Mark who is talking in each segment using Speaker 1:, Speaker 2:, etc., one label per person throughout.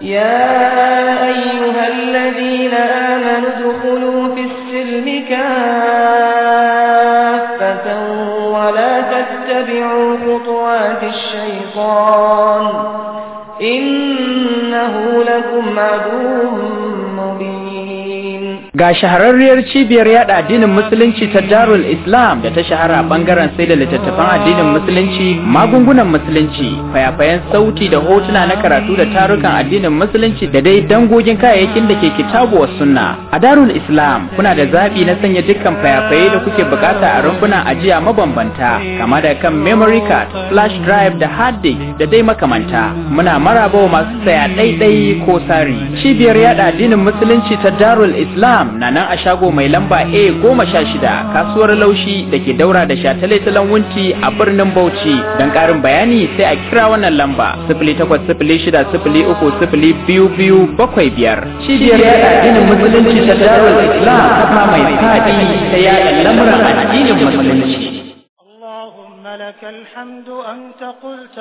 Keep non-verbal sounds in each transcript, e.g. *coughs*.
Speaker 1: يا أيها الذين آمنوا ادخلوا في السلم كافة ولا تتبعوا خطوات الشيطان
Speaker 2: ga shahararriyar cibiyar yada addinin musulunci ta darul islam da ta shahara a bangaren sai da littattafan addinin musulunci magungunan musulunci fayafayan sauti da hotuna na karatu da tarukan addinin musulunci da dai dangogin kayayyakin da ke kitabu wa sunna a darul islam kuna da zaɓi na sanya dukkan fayafaye da kuke bukata a rumbunan ajiya mabambanta kama da kan memory card flash drive da hard disk da dai makamanta muna maraba masu saya ɗaiɗai ko sari cibiyar yada addinin musulunci ta darul islam na nan a shago mai lamba A goma sha shida kasuwar laushi da ke daura da shataletalen wunti a birnin Bauchi. Don ƙarin bayani sai a kira wannan lamba sifili takwas sifili shida sifili uku sifili biyu biyu bakwai biyar. Cibiyar yaɗa addinin musulunci
Speaker 1: ta Darul Islam kafa mai faɗi ta yaɗa lamuran addinin musulunci. لك الحمد أنت قلت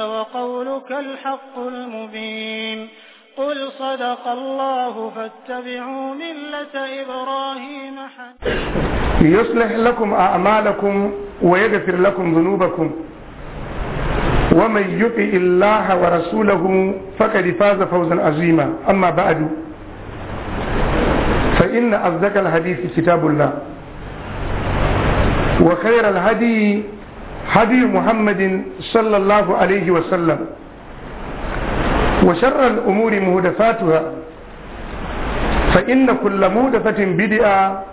Speaker 2: قل صدق الله فاتبعوا ملة إبراهيم حنيفا يصلح لكم أعمالكم ويغفر لكم ذنوبكم ومن يطع الله ورسوله فقد فاز فوزا عظيما أما بعد فإن أصدق الحديث كتاب الله وخير الهدي هدي محمد صلى الله عليه وسلم وشر الأمور مهدفاتها فإن كل مهدفة بدئة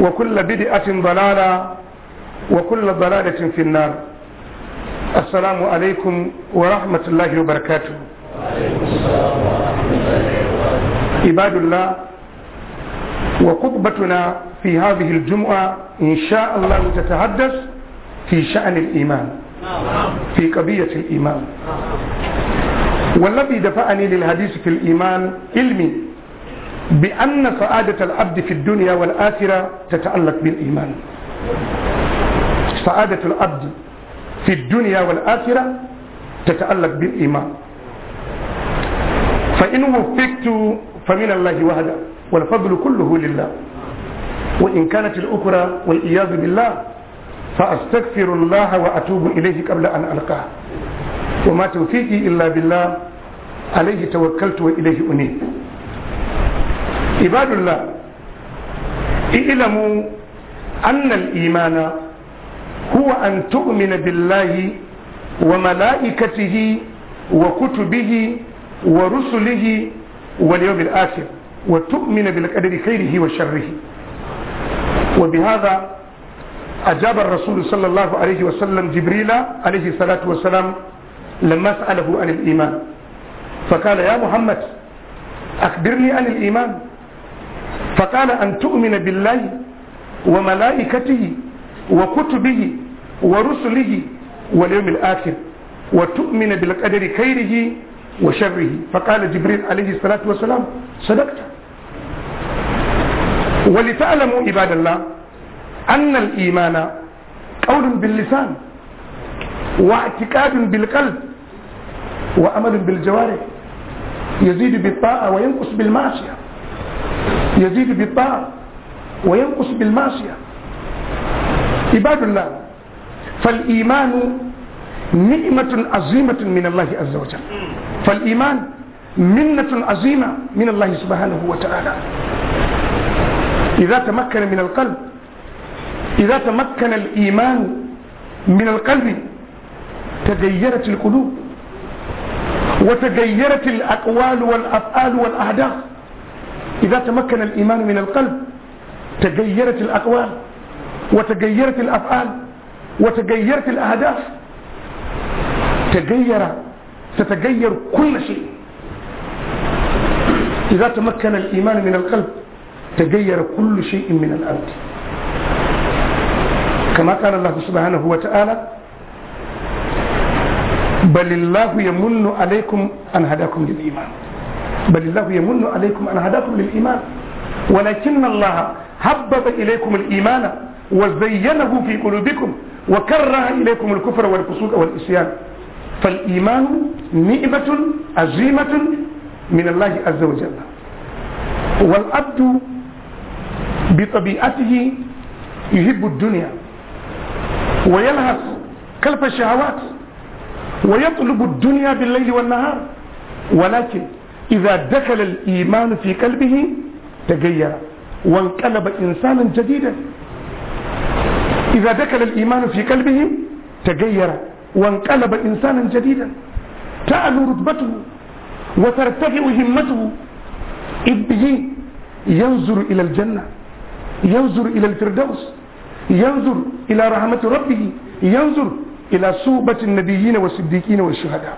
Speaker 2: وكل بدئة ضلالة وكل ضلالة في النار السلام عليكم ورحمة الله وبركاته عباد الله وخطبتنا في هذه الجمعة إن شاء الله تتحدث في شأن الإيمان في قضية الإيمان والذي دفعني للحديث في الإيمان علمي بأن سعادة العبد في الدنيا والآخرة تتعلق بالإيمان سعادة العبد في الدنيا والآخرة تتعلق بالإيمان فإن وفقت فمن الله وحده والفضل كله لله وإن كانت الأخرى والعياذ بالله فأستغفر الله وأتوب إليه قبل أن ألقاه وما توفيقي إلا بالله عليه توكلت وإليه أنيب عباد الله اعلموا أن الإيمان هو أن تؤمن بالله وملائكته وكتبه ورسله واليوم الآخر وتؤمن بالقدر خيره وشره وبهذا أجاب الرسول صلى الله عليه وسلم جبريل عليه الصلاة والسلام لما سأله عن الإيمان فقال يا محمد أخبرني عن الإيمان فقال أن تؤمن بالله وملائكته وكتبه ورسله واليوم الآخر وتؤمن بالقدر خيره وشره فقال جبريل عليه الصلاة والسلام صدقت ولتعلموا عباد الله أن الإيمان قول باللسان واعتقاد بالقلب وأمل بالجوارح يزيد بالطاعة وينقص بالمعصية يزيد بالطاعة وينقص بالمعصية عباد الله فالإيمان نعمة عظيمة من الله عز وجل فالإيمان منة عظيمة من الله سبحانه وتعالى إذا تمكن من القلب إذا تمكن الإيمان من القلب تغيرت القلوب وتغيرت الأقوال والأفعال والأهداف إذا تمكن الإيمان من القلب تغيرت الأقوال وتغيرت الأفعال وتغيرت الأهداف تغير تتغير كل شيء إذا تمكن الإيمان من القلب تغير كل شيء من الأرض كما قال الله سبحانه وتعالى بل الله يمن عليكم أن هداكم للإيمان بل الله يمن عليكم أن هداكم للإيمان ولكن الله حبب إليكم الإيمان وزينه في قلوبكم وكره إليكم الكفر والفسوق والإسيان فالإيمان نئمة عظيمة من الله عز وجل والعبد بطبيعته يحب الدنيا ويلهث كلف الشهوات ويطلب الدنيا بالليل والنهار ولكن إذا دخل الإيمان في قلبه تغير وانقلب إنسانا جديدا إذا دخل الإيمان في قلبه تغير وانقلب إنسانا جديدا تعلو رتبته وترتفع همته إذ به ينظر إلى الجنة ينظر إلى الفردوس ينظر إلى رحمة ربه ينظر إلى صوبة النبيين والصديقين والشهداء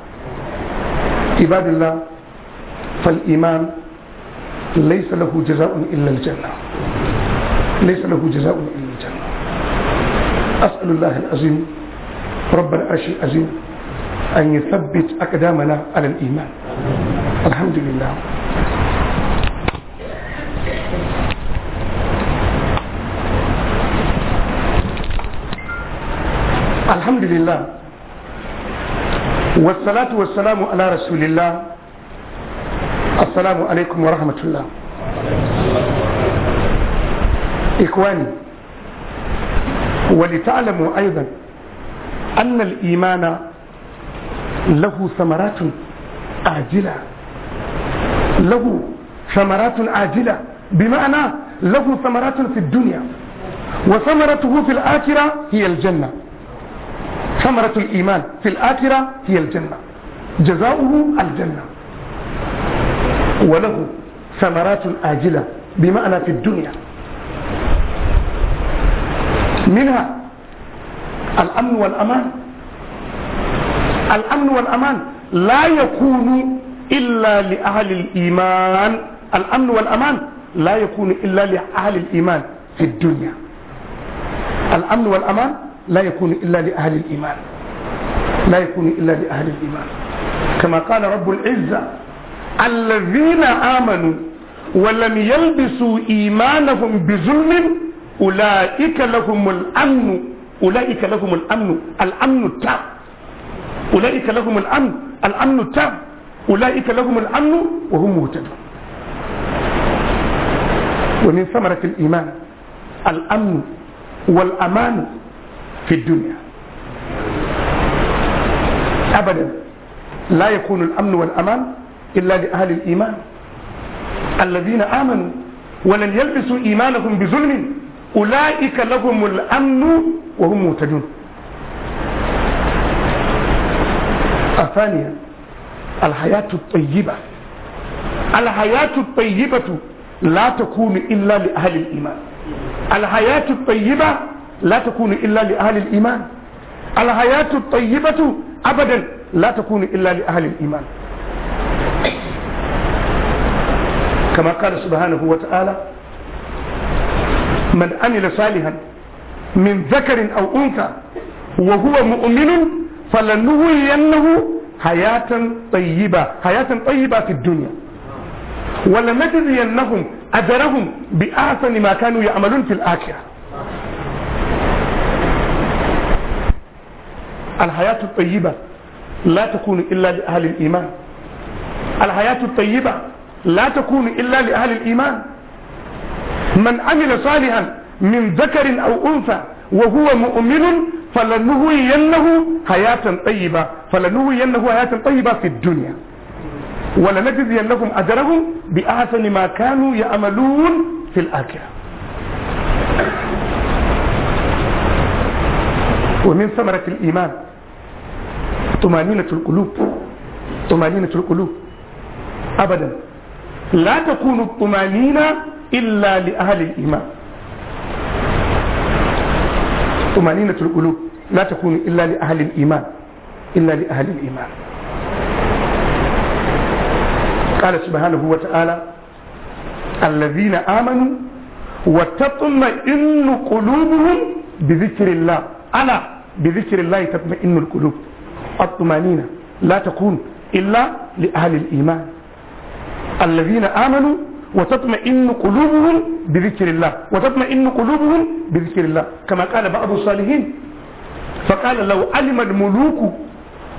Speaker 2: عباد الله فالإيمان ليس له جزاء إلا الجنة ليس له جزاء إلا الجنة أسأل الله العظيم رب العرش العظيم أن يثبت أقدامنا على الإيمان الحمد لله الحمد لله والصلاة والسلام على رسول الله السلام عليكم ورحمة الله إخواني ولتعلموا أيضا أن الإيمان له ثمرات عاجلة له ثمرات عاجلة بمعنى له ثمرات في الدنيا وثمرته في الآخرة هي الجنة ثمرة الإيمان في الآخرة هي الجنة جزاؤه الجنة وله ثمرات آجلة بمعنى في الدنيا منها الأمن والأمان الأمن والأمان لا يكون إلا لأهل الإيمان الأمن والأمان لا يكون إلا لأهل الإيمان في الدنيا الأمن والأمان لا يكون إلا لأهل الإيمان لا يكون إلا لأهل الإيمان كما قال رب العزة الذين آمنوا ولم يلبسوا إيمانهم بظلم أولئك لهم الأمن أولئك لهم الأمن الأمن التام أولئك لهم الأمن الأمن التام أولئك لهم الأمن وهم مهتدون ومن ثمرة الإيمان الأمن والأمان في الدنيا أبدا لا يكون الأمن والأمان إلا لأهل الإيمان الذين آمنوا ولن يلبسوا إيمانهم بظلم أولئك لهم الأمن وهم مهتدون الثانية الحياة الطيبة الحياة الطيبة لا تكون إلا لأهل الإيمان الحياة الطيبة لا تكون إلا لأهل الإيمان الحياة الطيبة أبدا لا تكون إلا لأهل الإيمان كما قال سبحانه وتعالى من عمل صالحا من ذكر أو أنثى وهو مؤمن فلنوينه حياة طيبة حياة طيبة في الدنيا ولنجزينهم أجرهم بأحسن ما كانوا يعملون في الآخرة الحياة الطيبة لا تكون إلا لأهل الإيمان الحياة الطيبة لا تكون إلا لأهل الإيمان من عمل صالحا من ذكر أو أنثى وهو مؤمن فلنهوينه حياة طيبة فلنهوينه حياة طيبة في الدنيا ولنجزينهم أجرهم بأحسن ما كانوا يعملون في الآخرة ومن ثمرة الإيمان طمأنينة القلوب طمأنينة القلوب أبدا لا تكون الطمأنينة إلا لأهل الإيمان طمأنينة القلوب لا تكون إلا لأهل الإيمان إلا لأهل الإيمان قال سبحانه وتعالى الذين آمنوا وتطمئن قلوبهم بذكر الله أنا بذكر الله تطمئن القلوب الطمأنينة لا تكون إلا لأهل الإيمان الذين آمنوا وتطمئن قلوبهم بذكر الله وتطمئن قلوبهم بذكر الله كما قال بعض الصالحين فقال لو علم الملوك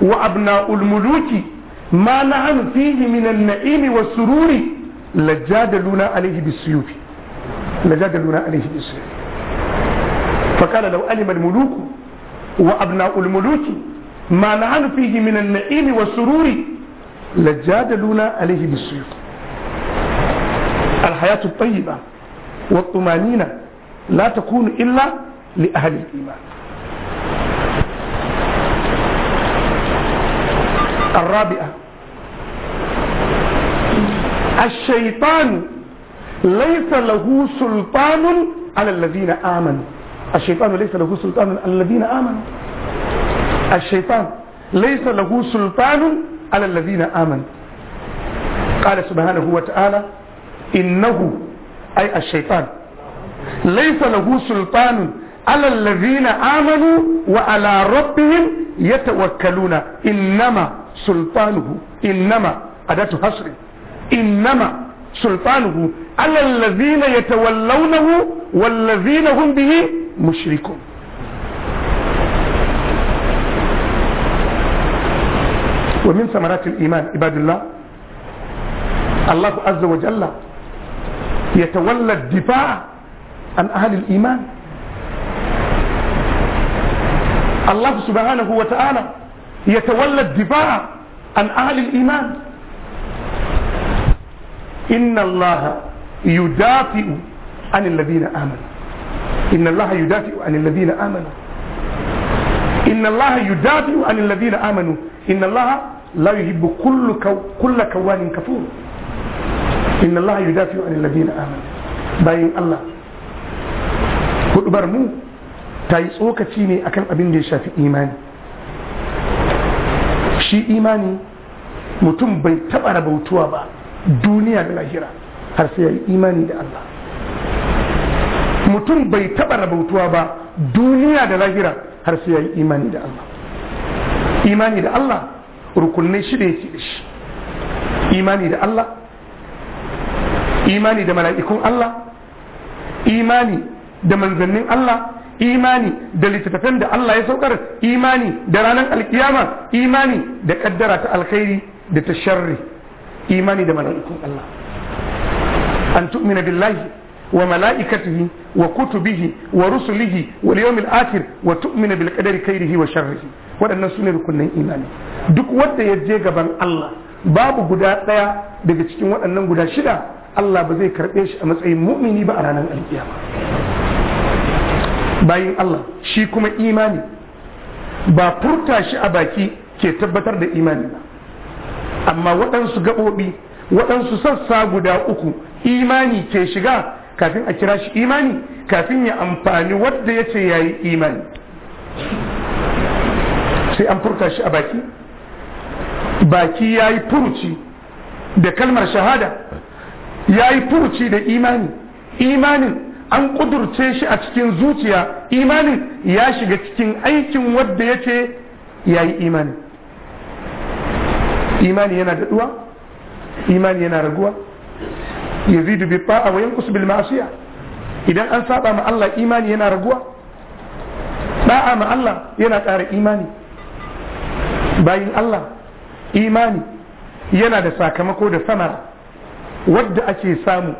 Speaker 2: وأبناء الملوك ما نعم فيه من النعيم والسرور لجادلونا عليه بالسيوف لجادلونا عليه بالسيوف فقال لو علم الملوك وأبناء الملوك ما نحن فيه من النعيم والسرور لجادلونا عليه بالسيوف الحياة الطيبة والطمأنينة لا تكون إلا لأهل الإيمان الرابعة الشيطان ليس له سلطان على الذين آمنوا الشيطان ليس له سلطان على الذين آمنوا الشيطان ليس له سلطان على الذين آمنوا قال سبحانه وتعالى إنه أي الشيطان ليس له سلطان على الذين آمنوا وعلى ربهم يتوكلون إنما سلطانه إنما أداة حصر إنما سلطانه على الذين يتولونه والذين هم به مشركون ومن ثمرات الإيمان عباد الله الله عز وجل يتولى الدفاع عن أهل الإيمان الله سبحانه وتعالى يتولى الدفاع عن أهل الإيمان إن الله يدافع عن الذين آمنوا إن الله يدافع عن الذين آمنوا إن الله يدافع عن الذين آمنوا إن الله لا يحب كل كو كل كوان كفور إن الله يدافع عن الذين آمنوا باين الله قد برمو تايسوك تيني أكن أبن ديشا في إيمان شي إيماني متم بين تبعنا بوتوابا دنيا بلا هيرا هرسي إيماني دي الله متم بين تبعنا بوتوابا دنيا بلا هيرا هرسي إيماني دي الله إيماني دي الله rukunai shida yake da shi imani da Allah imani da mala'ikun Allah imani da manzannin Allah imani da littattafan da Allah ya saukar imani da ranar alkiyama imani da kaddara ta alkhairi da ta sharri imani da mala'ikun Allah an tu'mina billahi wa mala'ikatihi wa kutubihi wa rusulihi wa yawmil akhir wa tu'mina bil kadari khairihi wa sharrihi waɗannan sune rukunin imani duk wanda ya je gaban Allah babu guda ɗaya daga cikin waɗannan guda shida Allah ba zai karɓe shi a matsayin mu'mini ba a ranar alkiyama bayin Allah shi kuma imani ba furta shi a baki ke tabbatar da imani ba amma waɗansu gaɓoɓi waɗansu sassa guda uku imani ke shiga kafin a kira shi imani kafin ya amfani wadda ya ce ya yi imani sai an furta shi a baki baki ya yi furuci da kalmar shahada ya yi furuci da imani imanin an kudurce shi a cikin zuciya imanin ya shiga cikin aikin wadda ya ce ya yi imani imani yana daɗuwa imani yana raguwa ya zidu bi fa'a wa yankusu bil ma'asiya idan an saba ma Allah imani yana raguwa ba'a ma Allah yana ƙara imani bayin Allah imani yana da sakamako da samara wadda ake samu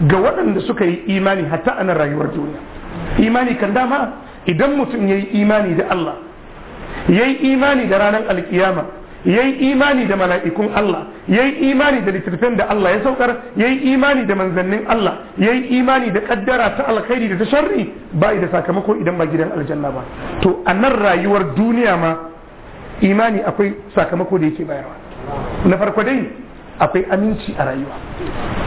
Speaker 2: ga waɗanda suka yi imani hatta ana rayuwar duniya imani kan dama idan mutum ya yi imani da Allah ya yi imani da ranar alkiyama ya yi imani da mala'ikun Allah ya yi imani da littattafin da Allah ya saukar ya yi imani da manzannin Allah ya yi imani da kaddara ta alkhairi da ta shar'i ba da sakamako idan ba gidan aljanna ba to a nan rayuwar duniya ma imani akwai sakamako da yake bayarwa na farko dai akwai aminci a rayuwa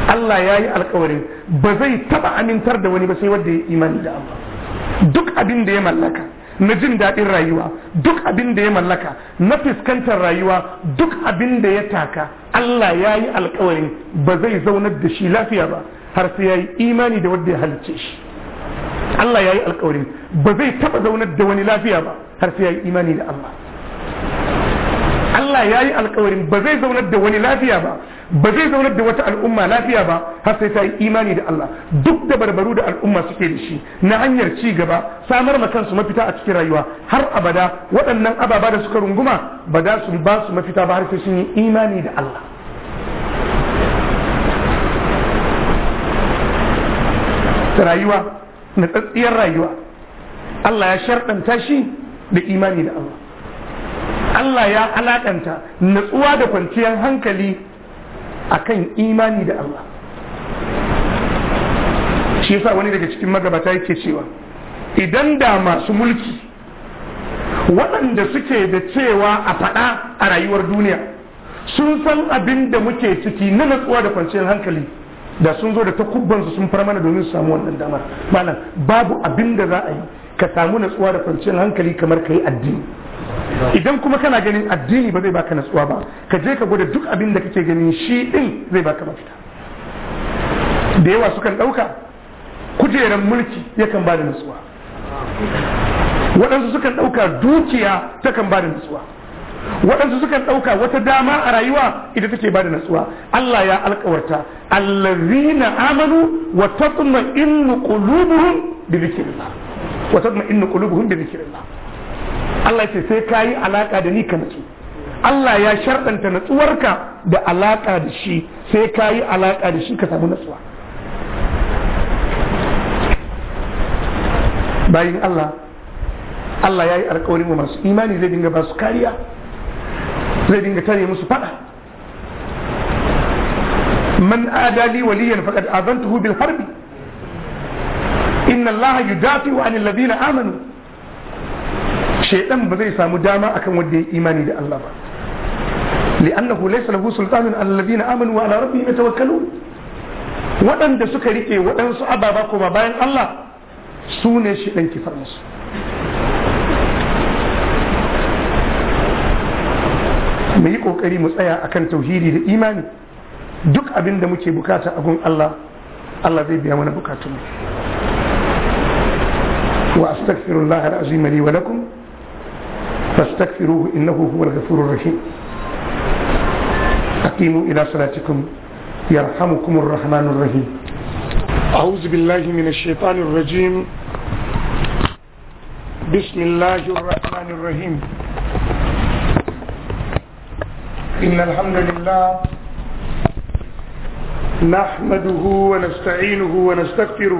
Speaker 2: Allah ya yi alkawarin ba zai taba amintar da wani ba sai wanda ya imani da Allah duk abin da ya mallaka na jin daɗin rayuwa duk abin da ya mallaka na fuskantar rayuwa duk abin da ya taka Allah ya yi alkawarin ba zai zaunar da shi lafiya ba har sai ya yi imani da wanda ya halicce shi Allah ya yi alkawarin ba zai taba zaunar da wani lafiya ba har sai ya yi imani da Allah Allah ya yi alkawarin ba zai zaunar da wani lafiya ba ba zai zaunar da wata al'umma lafiya ba har sai ta yi imani da Allah duk da barbaru da al'umma suke da shi na hanyar ci gaba samar ma kansu mafita a cikin rayuwa har abada waɗannan ababa da suka runguma ba za su ba su mafita ba har sai sun yi imani da Allah rayuwa na tsatsiyar rayuwa Allah ya sharɗanta shi da imani da Allah Allah ya alakanta natsuwa da kwanciyar hankali akan imani da Allah shi yasa wani daga cikin magabata yake cewa idan da masu mulki waɗanda suke da cewa a faɗa a rayuwar duniya sun san abin da muke ciki na natsuwa da kwanciyar hankali da sun zo da takubbansu sun fara mana domin su samu wannan damar malam babu abin da za a yi ka samu natsuwa da kwanciyar hankali kamar ka yi addini idan kuma kana ganin addini ba zai baka natsuwa ba ka je ka gwada duk abin da kake ganin shi din zai baka mafita da yawa sukan ɗauka kujerar mulki yakan ba da natsuwa waɗansu sukan ɗauka dukiya ta kan ba da natsuwa waɗansu sukan ɗauka wata dama a rayuwa ita take ba da natsuwa Allah ya alkawarta allazina amanu wa tatma'innu qulubuhum bi dhikrillah wa tatma'innu qulubuhum bi dhikrillah Allah ce sai ka yi da ni ka natsu Allah ya sharɗanta natsuwarka da alaƙa da shi sai ka yi alaƙa da shi ka samu natsuwa bayan Allah Allah ya yi alkawarin wa masu imani zai dinga ba su kariya zai dinga tare musu faɗa. man adali waliyan faqad azantuhu bil harbi inna Allah yudafi wa anil ladina amanu shaidan ba zai samu dama akan wanda ya imani da Allah ba li'annahu laysa lahu sultanun alladhina amanu wa ala rabbihim yatawakkalun waɗanda suka rike waɗansu ababa kuma bayan Allah su ne shaidan ke far musu mu yi ƙoƙari mu tsaya akan tauhidi da imani duk abin da muke bukata a gun Allah Allah zai biya mana bukatunmu wa astaghfirullahi al-azim li wa lakum فاستغفروه إنه هو الغفور الرحيم أقيموا إلى صلاتكم يرحمكم الرحمن الرحيم أعوذ بالله من الشيطان الرجيم بسم الله الرحمن الرحيم إن الحمد لله نحمده ونستعينه ونستغفره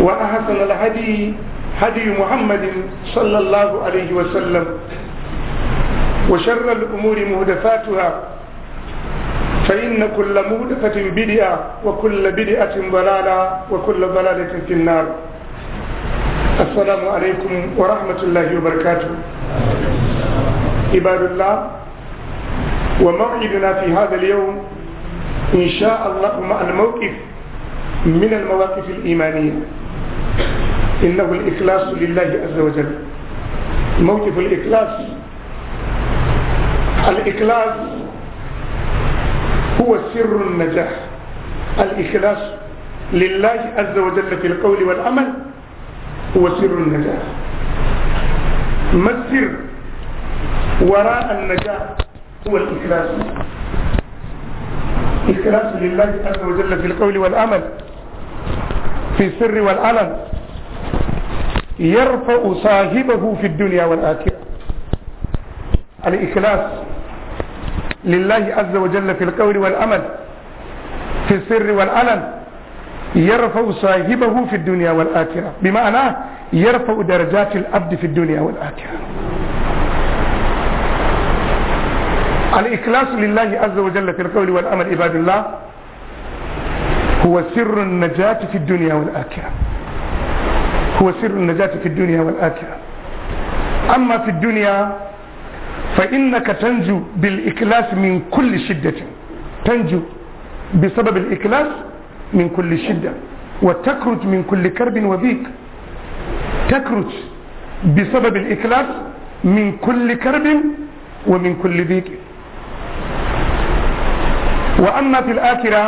Speaker 2: وأحسن الهدي هدي محمد صلى الله عليه وسلم وشر الأمور مهدفاتها فإن كل مهدفة بدعة وكل بدعة ضلالة وكل ضلالة في النار السلام عليكم ورحمة الله وبركاته عباد الله وموعدنا في هذا اليوم إن شاء الله مع الموقف من المواقف الإيمانية إنه الإخلاص لله عز وجل موقف الإخلاص الإخلاص هو سر النجاح الإخلاص لله عز وجل في القول والعمل هو سر النجاح ما السر وراء النجاح هو الإخلاص الإخلاص لله عز وجل في القول والعمل في السر والعلن يرفع صاحبه في الدنيا والآخرة الإخلاص لله عز وجل في القول والأمل في السر والعلن يرفع صاحبه في الدنيا والآخرة بمعنى يرفع درجات العبد في الدنيا والآخرة الإخلاص لله عز وجل في القول والأمل عباد الله هو سر النجاة في الدنيا والآخرة هو سر النجاة في الدنيا والآخرة أما في الدنيا فإنك تنجو بالإكلاس من كل شدة تنجو بسبب الإكلاس من كل شدة وتكرت من كل كرب وبيك تكرت بسبب الإكلاس من كل كرب ومن كل بيك وأما في الآخرة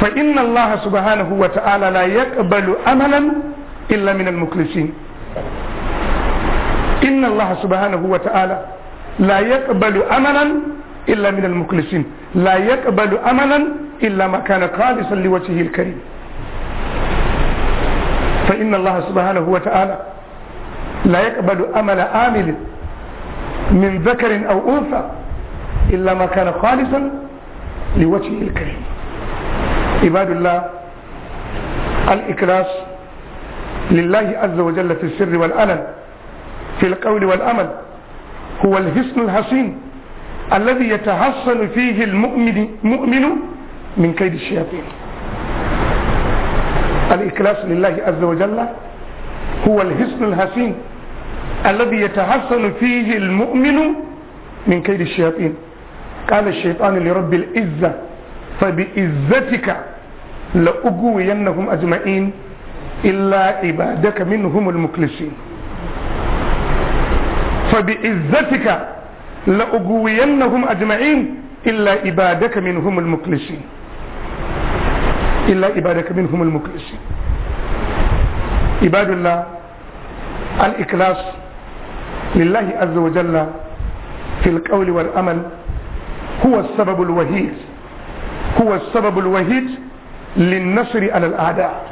Speaker 2: فإن الله سبحانه وتعالى لا يقبل أملا إلا من المخلصين إن الله سبحانه وتعالى لا يقبل أملا إلا من المخلصين لا يقبل أملا إلا ما كان خالصا لوجهه الكريم فإن الله سبحانه وتعالى لا يقبل أمل آمل من ذكر أو أنثى إلا ما كان خالصا لوجهه الكريم عباد الله الإكلاس لله عز وجل في السر والألم في القول والأمل هو الحصن الحسين الذي يتحصن فيه المؤمن مؤمن من كيد الشياطين الإخلاص لله عز وجل هو الحصن الحسين الذي يتحصن فيه المؤمن من كيد الشياطين قال الشيطان لرب العزة فبعزتك لأغوينهم أجمعين إلا عبادك منهم المخلصين فبعزتك لأغوينهم أجمعين إلا عبادك منهم المخلصين إلا عبادك منهم المخلصين عباد الله الإخلاص لله عز وجل في القول والأمل هو السبب الوحيد هو السبب الوحيد للنصر على الأعداء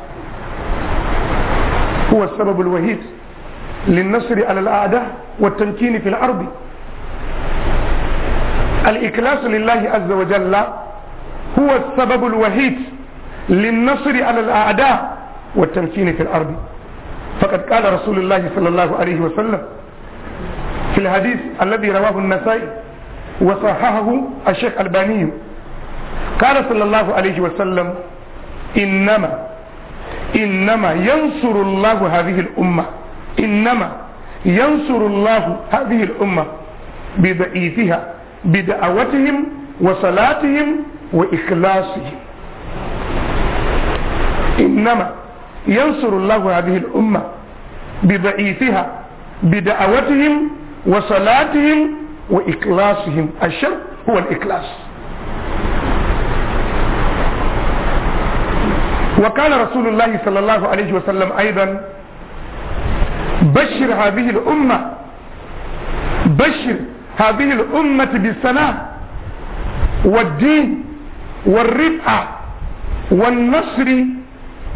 Speaker 2: هو السبب الوحيد للنصر على الأعداء والتمكين في الأرض الإخلاص لله عز وجل هو السبب الوحيد للنصر على الأعداء والتمكين في الأرض فقد قال رسول الله صلى الله عليه وسلم في الحديث الذي رواه النسائي وصححه الشيخ الباني قال صلى الله عليه وسلم إنما إنما ينصر الله هذه الأمة إنما ينصر الله هذه الأمة بدعيتها بدعوتهم وصلاتهم وإخلاصهم إنما ينصر الله هذه الأمة بضعيفها بدعوتهم وصلاتهم وإخلاصهم الشر هو الإخلاص وقال رسول الله صلى الله عليه وسلم أيضا بشر هذه الأمة بشر هذه الأمة بالسلام والدين والرفعة والنصر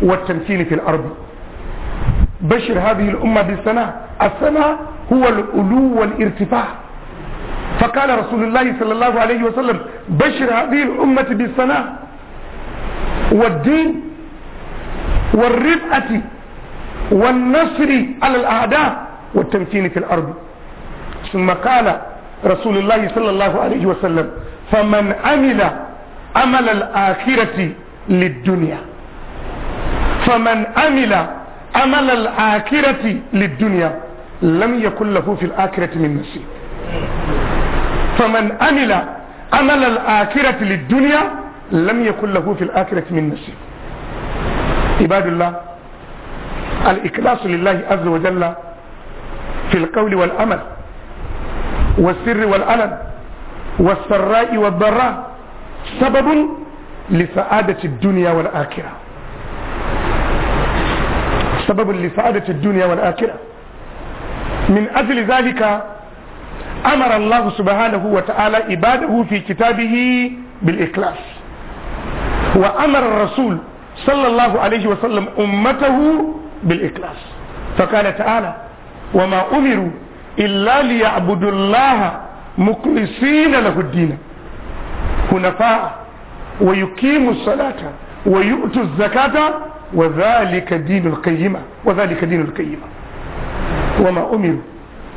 Speaker 2: والتمكين في الأرض بشر هذه الأمة بالسنة السنة هو الألو والارتفاع فقال رسول الله صلى الله عليه وسلم بشر هذه الأمة بالسنة والدين والرفقة والنصر على الأعداء والتمكين في الأرض ثم قال رسول الله صلى الله عليه وسلم فمن عمل عمل الآخرة للدنيا فمن عمل عمل الآخرة للدنيا لم يكن له في الآخرة من نصيب فمن عمل عمل الآخرة للدنيا لم يكن له في الآخرة من نصيب عباد الله الإخلاص لله عز وجل في القول والأمل والسر والألم والسراء والضراء سبب لسعادة الدنيا والآخرة سبب لسعادة الدنيا والآخرة من أجل ذلك أمر الله سبحانه وتعالى عباده في كتابه بالإخلاص وأمر الرسول صلى الله عليه وسلم أمته بالإخلاص فقال تعالى وما أمروا إلا ليعبدوا الله مخلصين له الدين حنفاء ويقيموا الصلاة ويؤتوا الزكاة وذلك دين القيمة وذلك دين القيمة وما أمروا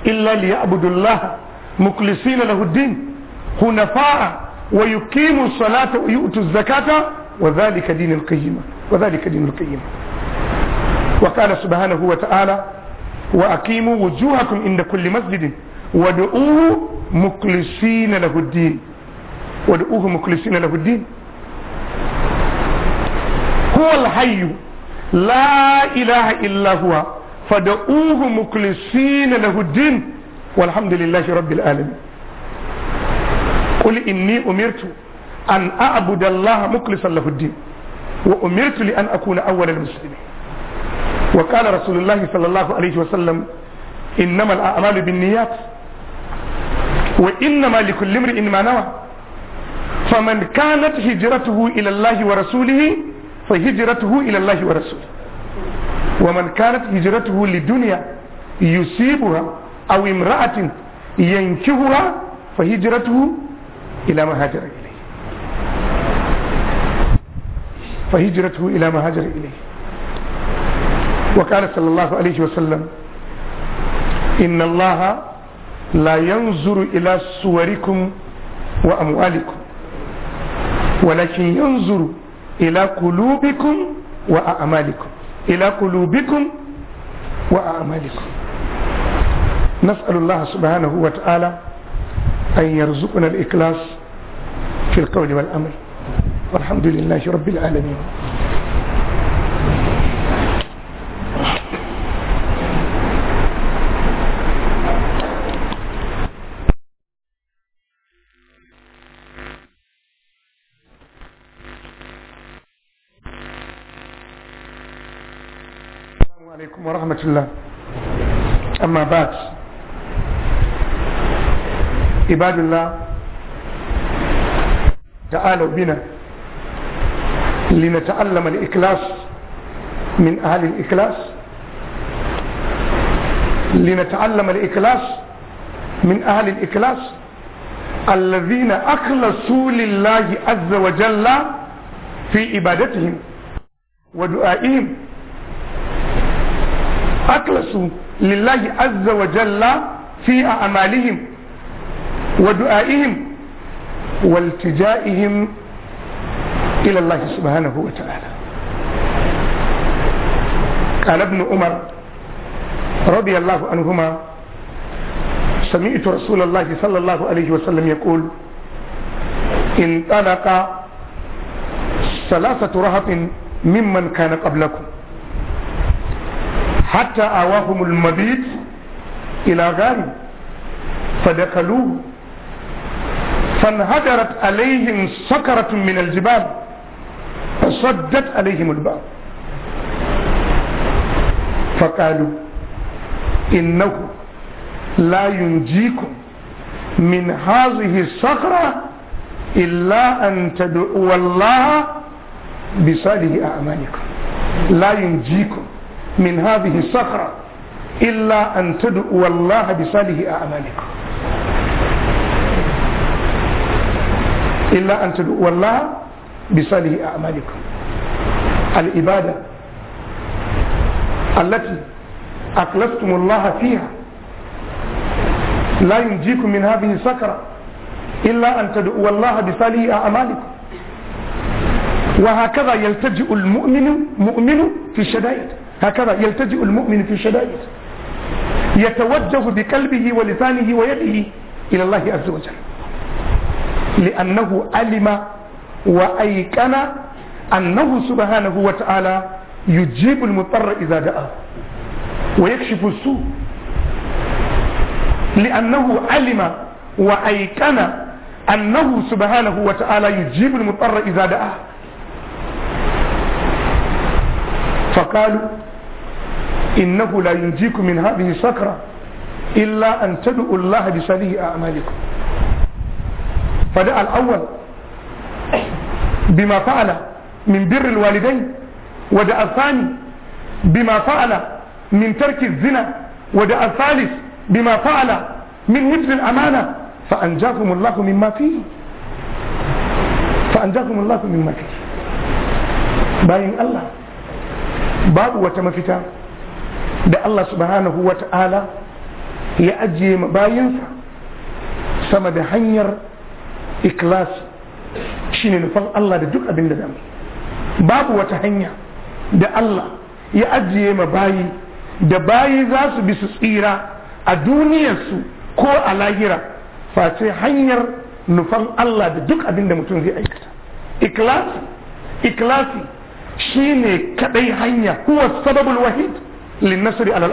Speaker 2: إلا ليعبدوا الله مخلصين له الدين حنفاء ويقيموا الصلاة ويؤتوا الزكاة وذلك دين القيمة وذلك دين القيم وقال سبحانه وتعالى وأقيموا وجوهكم عند كل مسجد ودعوه مخلصين له الدين ودعوه مخلصين له الدين هو الحي لا إله إلا هو فدعوه مخلصين له الدين والحمد لله رب العالمين قل إني أمرت أن أعبد الله مخلصا له الدين وأمرت لأن أكون أول المسلمين وقال رسول الله صلى الله عليه وسلم إنما الأعمال بالنيات وإنما لكل امرئ ما نوى فمن كانت هجرته إلى الله ورسوله فهجرته إلى الله ورسوله ومن كانت هجرته لدنيا يصيبها أو امرأة ينكهها فهجرته إلى ما هاجر فهجرته إلى ما هاجر إليه وقال صلى الله عليه وسلم إن الله لا ينظر إلى صوركم وأموالكم ولكن ينظر إلى قلوبكم وأعمالكم إلى قلوبكم وأعمالكم نسأل الله سبحانه وتعالى أن يرزقنا الإخلاص في القول والأمر والحمد لله رب العالمين عليكم ورحمة الله أما بعد عباد الله تعالوا بنا لنتعلم الإكلاس من أهل الإكلاس لنتعلم الإكلاس من أهل الإكلاس الذين أخلصوا لله عز وجل في عبادتهم ودعائهم أخلصوا لله عز وجل في أعمالهم ودعائهم والتجائهم إلى الله سبحانه وتعالى قال ابن عمر رضي الله عنهما سمعت رسول الله صلى الله عليه وسلم يقول انطلق ثلاثة رهط ممن كان قبلكم حتى آواهم المبيت إلى غار فدخلوه فانهدرت عليهم سكرة من الجبال فصدت عليهم الباب فقالوا إنه لا ينجيكم من هذه الصخرة إلا أن تدعوا الله بصالح أعمالكم لا ينجيكم من هذه الصخرة إلا أن تدعوا الله بصالح أعمالكم إلا أن تدعوا الله بصالح أعمالكم العبادة التي أخلصتم الله فيها لا ينجيكم من هذه السكرة إلا أن تدعوا الله بصالح أعمالكم وهكذا يلتجئ المؤمن مؤمن في الشدائد هكذا يلتجئ المؤمن في الشدائد يتوجه بقلبه ولسانه ويده إلى الله عز وجل لأنه علم وأيقن أنه سبحانه وتعالى يجيب المضطر إذا دعاه ويكشف السوء لأنه علم وأيقن أنه سبحانه وتعالى يجيب المضطر إذا دعاه فقالوا إنه لا ينجيكم من هذه السكرة إلا أن تدعوا الله بسبيل أعمالكم فدعا الأول بما فعل من بر الوالدين ودعا الثاني بما فعل من ترك الزنا ودعا الثالث بما فعل من مثل الأمانة فأنجاكم الله مما فيه فأنجاكم الله مما فيه باين الله باب وتمفتا da الله سبحانه وتعالى يأجي باين ajiye bayinsa sama shine nufan Allah da duk abin da babu wata hanya da Allah ya ajiye ma bayi da bayi za su bi su tsira a duniyarsu ko a lahira face hanyar nufan Allah da duk abin da mutum zai aikata ikilasi ikilasi shine kaɗai hanya kuwa sababul wahid lin nasri alal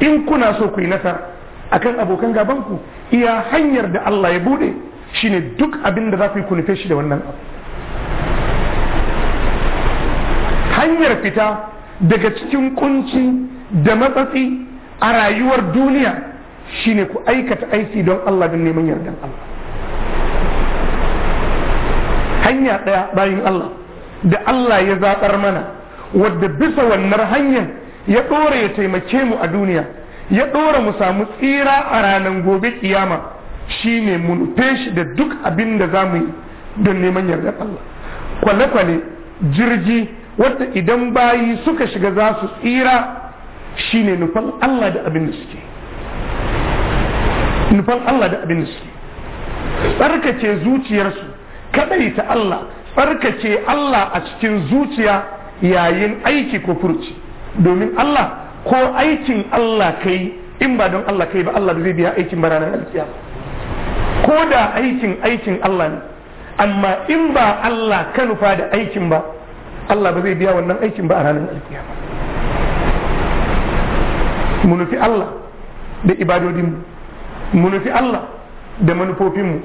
Speaker 2: in kuna so ku yi nasara akan abokan gabanku iya hanyar da Allah ya bude shine duk abin da za ku yi ku shi da wannan abu hanyar fita daga cikin kunci da matsatsi a rayuwar duniya shine ku aikata aiki don Allah don neman yardan Allah hanya ɗaya bayan Allah da Allah ya zaɓar mana wadda bisa wannan hanyar ya ɗora ya taimake mu a duniya ya ɗora mu samu tsira a ranar gobe kiyama Shi ne nufe shi da duk abin da za mu yi don neman yardar Allah kwale-kwale jirgi wadda idan bayi suka shiga za su tsira shi ne nufan Allah da abin da suke nufan Allah da abin da suke tsarkace zuciyarsu kadai ta Allah tsarkace Allah a cikin zuciya yayin aiki ko furci domin Allah ko aikin Allah kai in ba don Allah kai ba Allah da zai biya aikin ba ranar alkiyama ko da aikin aikin Allah ne amma in ba Allah ka nufa da aikin ba Allah ba zai biya wannan aikin ba a ranar alkiyama mu nufi Allah da ibadodinmu mu nufi Allah da manufofinmu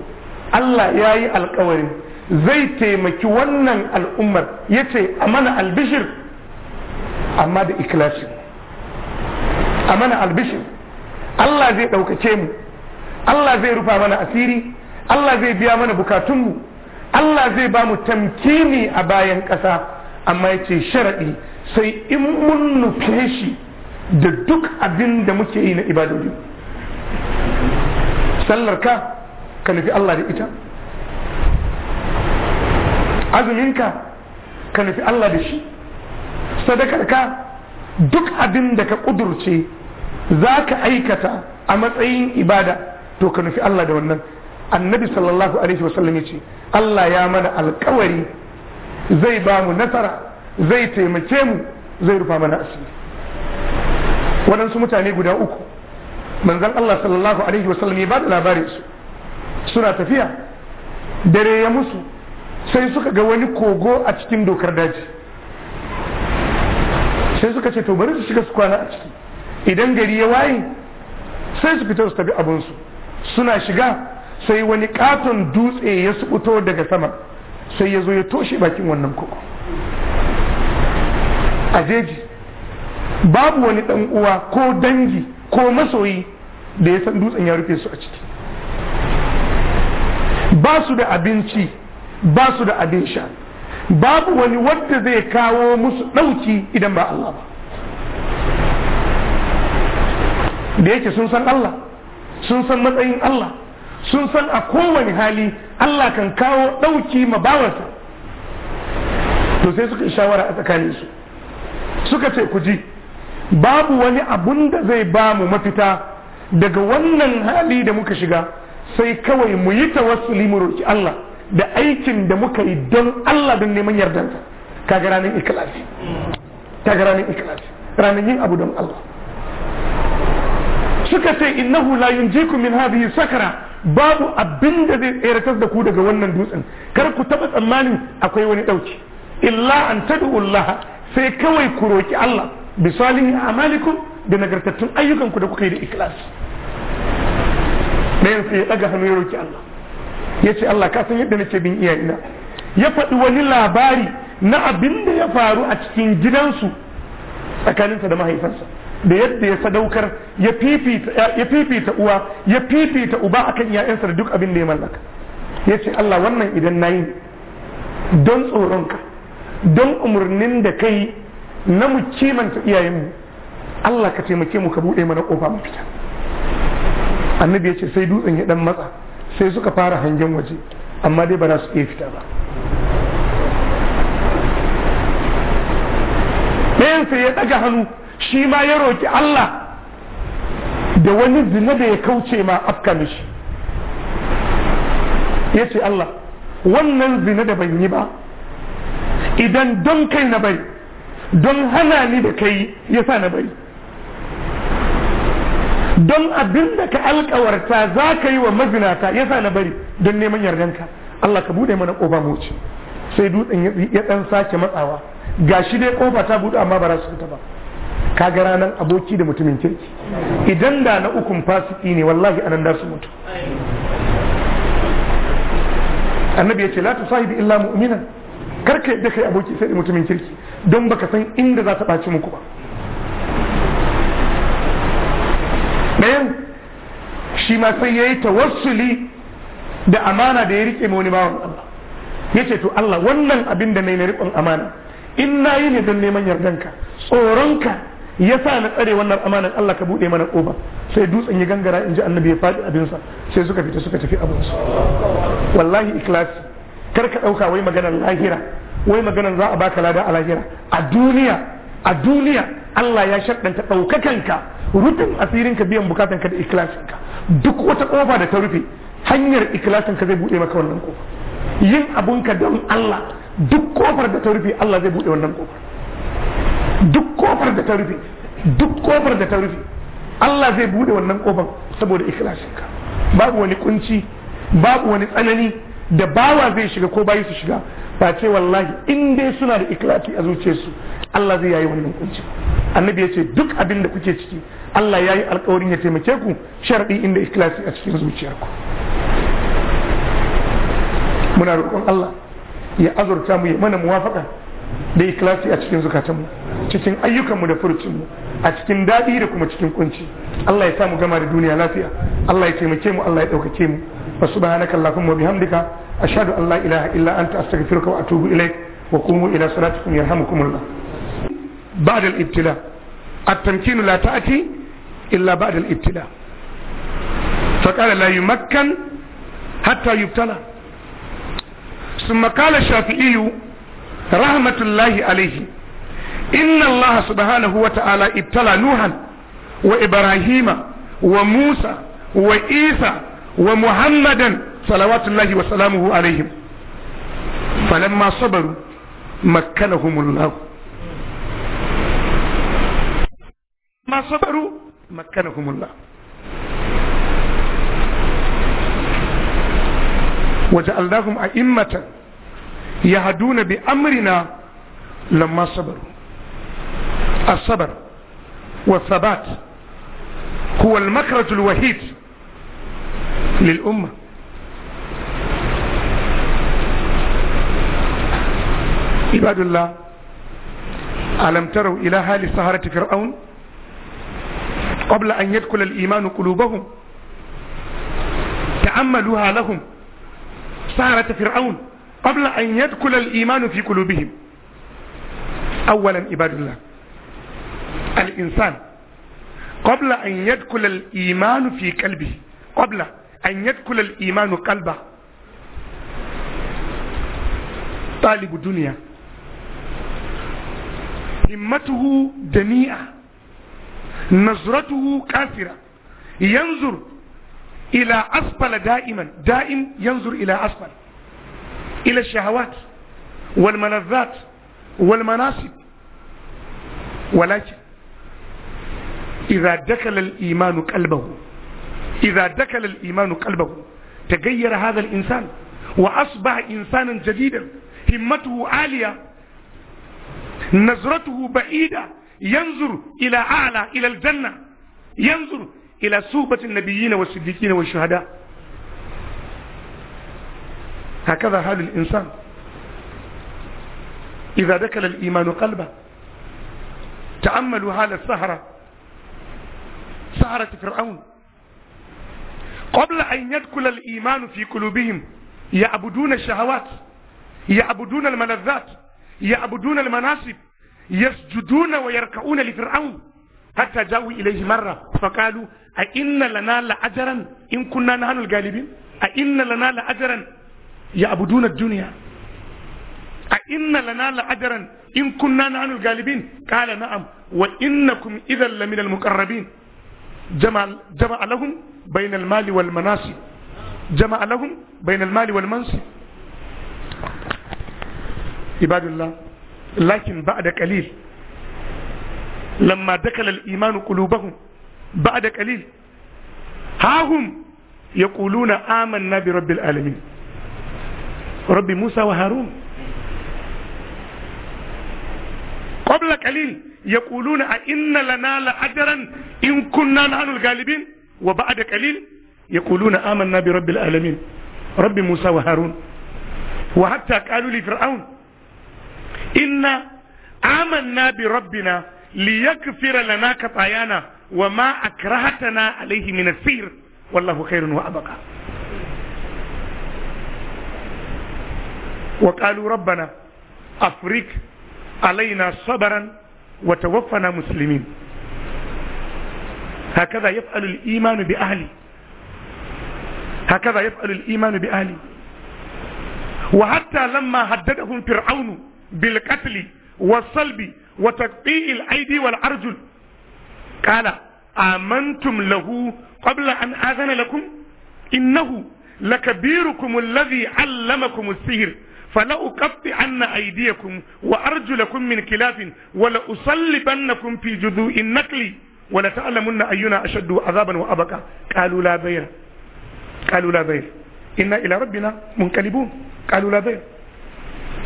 Speaker 2: Allah ya yi alkawarin zai taimaki wannan al'ummar ya ce a mana albishir amma da ikilashin a mana albishir Allah zai ɗaukace mu Allah zai rufa mana asiri Allah zai biya mana bukatunmu Allah zai ba mu tamkini a bayan ƙasa amma ya ce sharaɗi sai in mun nufe shi da duk abin da muke yi na ibadodi sallar ka ka nufi Allah da ita azuminka ka nufi Allah da shi sadakar ka duk abin da ka ƙudurce za ka aikata a matsayin ibada to ka nufi Allah da wannan annabi sallallahu alaihi wasallam yace Allah ya mana alkawari zai ba mu nasara zai taimake mu zai rufa mana asiri waɗansu mutane guda uku manzon Allah sallallahu alaihi wasallam ya ba labarin su suna tafiya dare ya musu sai suka ga wani kogo a cikin dokar daji sai suka ce to bari su shiga su kwana a ciki idan gari ya waye sai su fita su tafi abinsu suna shiga sai wani katon dutse ya subuto daga sama sai ya zo ya toshe bakin wannan koko a jeji babu wani ɗan uwa ko dangi ko masoyi da ya san dutsen ya rufe su a ciki ba su da abinci ba su da abin sha babu wani wadda zai kawo musu ɗauki idan ba Allah ba da yake sun san Allah sun san matsayin Allah sun san a kowane hali Allah kan kawo ɗauki ma bawansa to sai suka yi shawara a tsakaninsu suka ce ku ji babu wani abun da zai ba mu mafita daga wannan hali da muka shiga sai kawai mu yi tawassuli mu roki Allah da aikin da muka yi don Allah don neman yardansa kaga ranar ikilasi kaga ranar ikilasi ranar yin abu don Allah suka ce innahu la yunjiku min hadhihi sakara babu abin da zai tsiratar da ku daga wannan dutsen kar ku taba tsammanin akwai wani dauki illa an tad'u sai kawai ku roki Allah bi salihin amalikum da nagartattun ayyukan ku da kuka yi da ikhlas dan sai ya daga hannu ya roki Allah yace Allah ka san yadda nake bin na. ya faɗi wani labari na abinda ya faru a cikin gidansu tsakaninsa da mahaifansa da yadda ya sadaukar ya fifita uwa ya fifita uba akan ya'yansa da duk abin da ya mallaka ya ce Allah wannan idan na yi don tsoronka don umarnin da kai na mu kimanta iyayenmu Allah ka taimake mu ka buɗe mana ƙofa mafita annabi ya ce sai dutsen ya ɗan matsa sai suka fara hangen waje amma dai ba za su iya fita ba ɗayan sai ya ɗaga hannu shi ma ya roƙi Allah da wani zina da ya kauce ma afka mishi ya ce Allah wannan zina da ban yi ba idan don kai na bai don hana ni da kai ya sa na bai don abin da ka alkawarta za ka yi wa mazinata ya sa na bari don neman yardanka Allah ka bude mana ƙofa mu sai dutsen ya ɗan sake matsawa shi dai ƙofa ta bude amma ba za su fita ba Ka gara ranar aboki da mutumin kirki idan da na ukun fasiki ne wallahi anan da su mutu annabi ya ce la sahibi illa mu'mina kar ka yadda kai aboki sai da mutumin kirki don baka san inda za ta ɓaci muku ba ɗayan shi ma sai ya yi tawassuli da amana da ya riƙe wani bawan Allah ya ce to Allah wannan abin da na yi na riƙon amana in na yi ne don neman yardanka tsoronka ya sa na tsare wannan amanan Allah ka buɗe mana ƙofa sai dutsen ya gangara in ji annabi ya faɗi abinsa sai suka fita suka tafi abinsu wallahi ikilasi kar ka ɗauka wai maganar lahira wai maganar za a baka lada a lahira a duniya a duniya Allah ya shaɗanta ɗaukakanka rufin asirinka biyan bukatanka da ikilasinka duk wata ƙofa da ta rufe hanyar ikilasinka zai buɗe maka wannan ƙofa yin abunka don Allah duk ƙofar da ta rufe Allah zai buɗe wannan ƙofar duk kofar da ta rufe duk kofar da ta rufe Allah zai bude wannan kofar saboda ikhlasinka babu wani kunci babu wani tsanani da bawa zai shiga ko bayi su shiga ba ce wallahi in dai suna da ikhlasi a zuciyarsu Allah zai yayi wannan kunci annabi ya ce duk abin da kuke ciki Allah ya yi alkawarin ya taimake ku sharadi inda ikhlasi a cikin zuciyarku muna roƙon Allah ya azurta mu ya mana muwafaka da ikhlasi a cikin zukatanmu cikin ayyukanmu da furucinmu a cikin daɗi da kuma cikin kunci Allah ya samu gama da duniya lafiya Allah ya taimake mu Allah ya ɗaukake mu wa subhanaka allahumma bihamdika ashhadu an la ilaha illa anta astaghfiruka wa atubu ilaik wa qumu ila salatikum yarhamukumullah ba'da al-ibtila at-tamkinu la ta'ti illa ba'da al-ibtila فقال لا يمكن حتى يبتلى ثم قال الشافعي رحمة الله عليه inna Allah subhanahu wa ta'ala ibtala Nuhan wa Ibrahima wa Musa wa Isa wa Muhammadan salawatullahi wa salamuhu alaihim falamma sabaru makkanahumullah وجعلناهم أئمة يهدون بأمرنا لما صبروا الصبر والثبات هو المخرج الوحيد للأمة عباد الله ألم تروا إلى حال سهرة فرعون قبل أن يدخل الإيمان قلوبهم تأملوها لهم سهرة فرعون قبل أن يدخل الإيمان في قلوبهم أولا عباد الله الإنسان قبل أن يدخل الإيمان في قلبه قبل أن يدخل الإيمان قلبه طالب دنيا همته دنيئة نظرته كافرة ينظر إلى أسفل دائما دائم ينظر إلى أسفل إلى الشهوات والملذات والمناصب ولكن إذا دخل الإيمان قلبه إذا دخل الإيمان قلبه تغير هذا الإنسان وأصبح إنسانا جديدا همته عالية نظرته بعيدة ينظر إلى أعلى إلى الجنة ينظر إلى صوبة النبيين والصديقين والشهداء هكذا حال الإنسان إذا دخل الإيمان قلبه تأملوا هذا السهرة سهرة فرعون قبل أن يدخل الإيمان في قلوبهم يعبدون الشهوات يعبدون الملذات يعبدون المناصب يسجدون ويركعون لفرعون حتى جاءوا إليه مرة فقالوا أئن لنا لأجرا إن كنا نحن الغالبين أئن لنا لأجرا يعبدون الدنيا أئن لنا لأجرا إن كنا نحن الغالبين قال نعم وإنكم إذا لمن المقربين جمع جمع لهم بين المال والمناصب جمع لهم بين المال والمنصب عباد الله لكن بعد قليل لما دخل الإيمان قلوبهم بعد قليل ها هم يقولون آمنا برب العالمين رب موسى وهارون قبل قليل يقولون أئن لنا لأجرا إن كنا نحن الغالبين وبعد قليل يقولون آمنا برب العالمين رب موسى وهارون وحتى قالوا لفرعون إنا آمنا بربنا ليكفر لنا خطايانا وما أكرهتنا عليه من السير والله خير وأبقى وقالوا ربنا أفرك علينا صبرا وتوفنا مسلمين هكذا يفعل الإيمان بأهله هكذا يفعل الإيمان بأهله وحتى لما هددهم فرعون بالقتل والصلب وتقطيع الأيدي والأرجل قال آمنتم له قبل أن آذن لكم إنه لكبيركم الذي علمكم السحر فلأقطعن أيديكم وأرجلكم من خلاف ولأصلبنكم في جذوع النخل ولتعلمن أينا أشد عذابا وأبقى قالوا لا بير قالوا لا بير إنا إلى ربنا منقلبون قالوا لا بير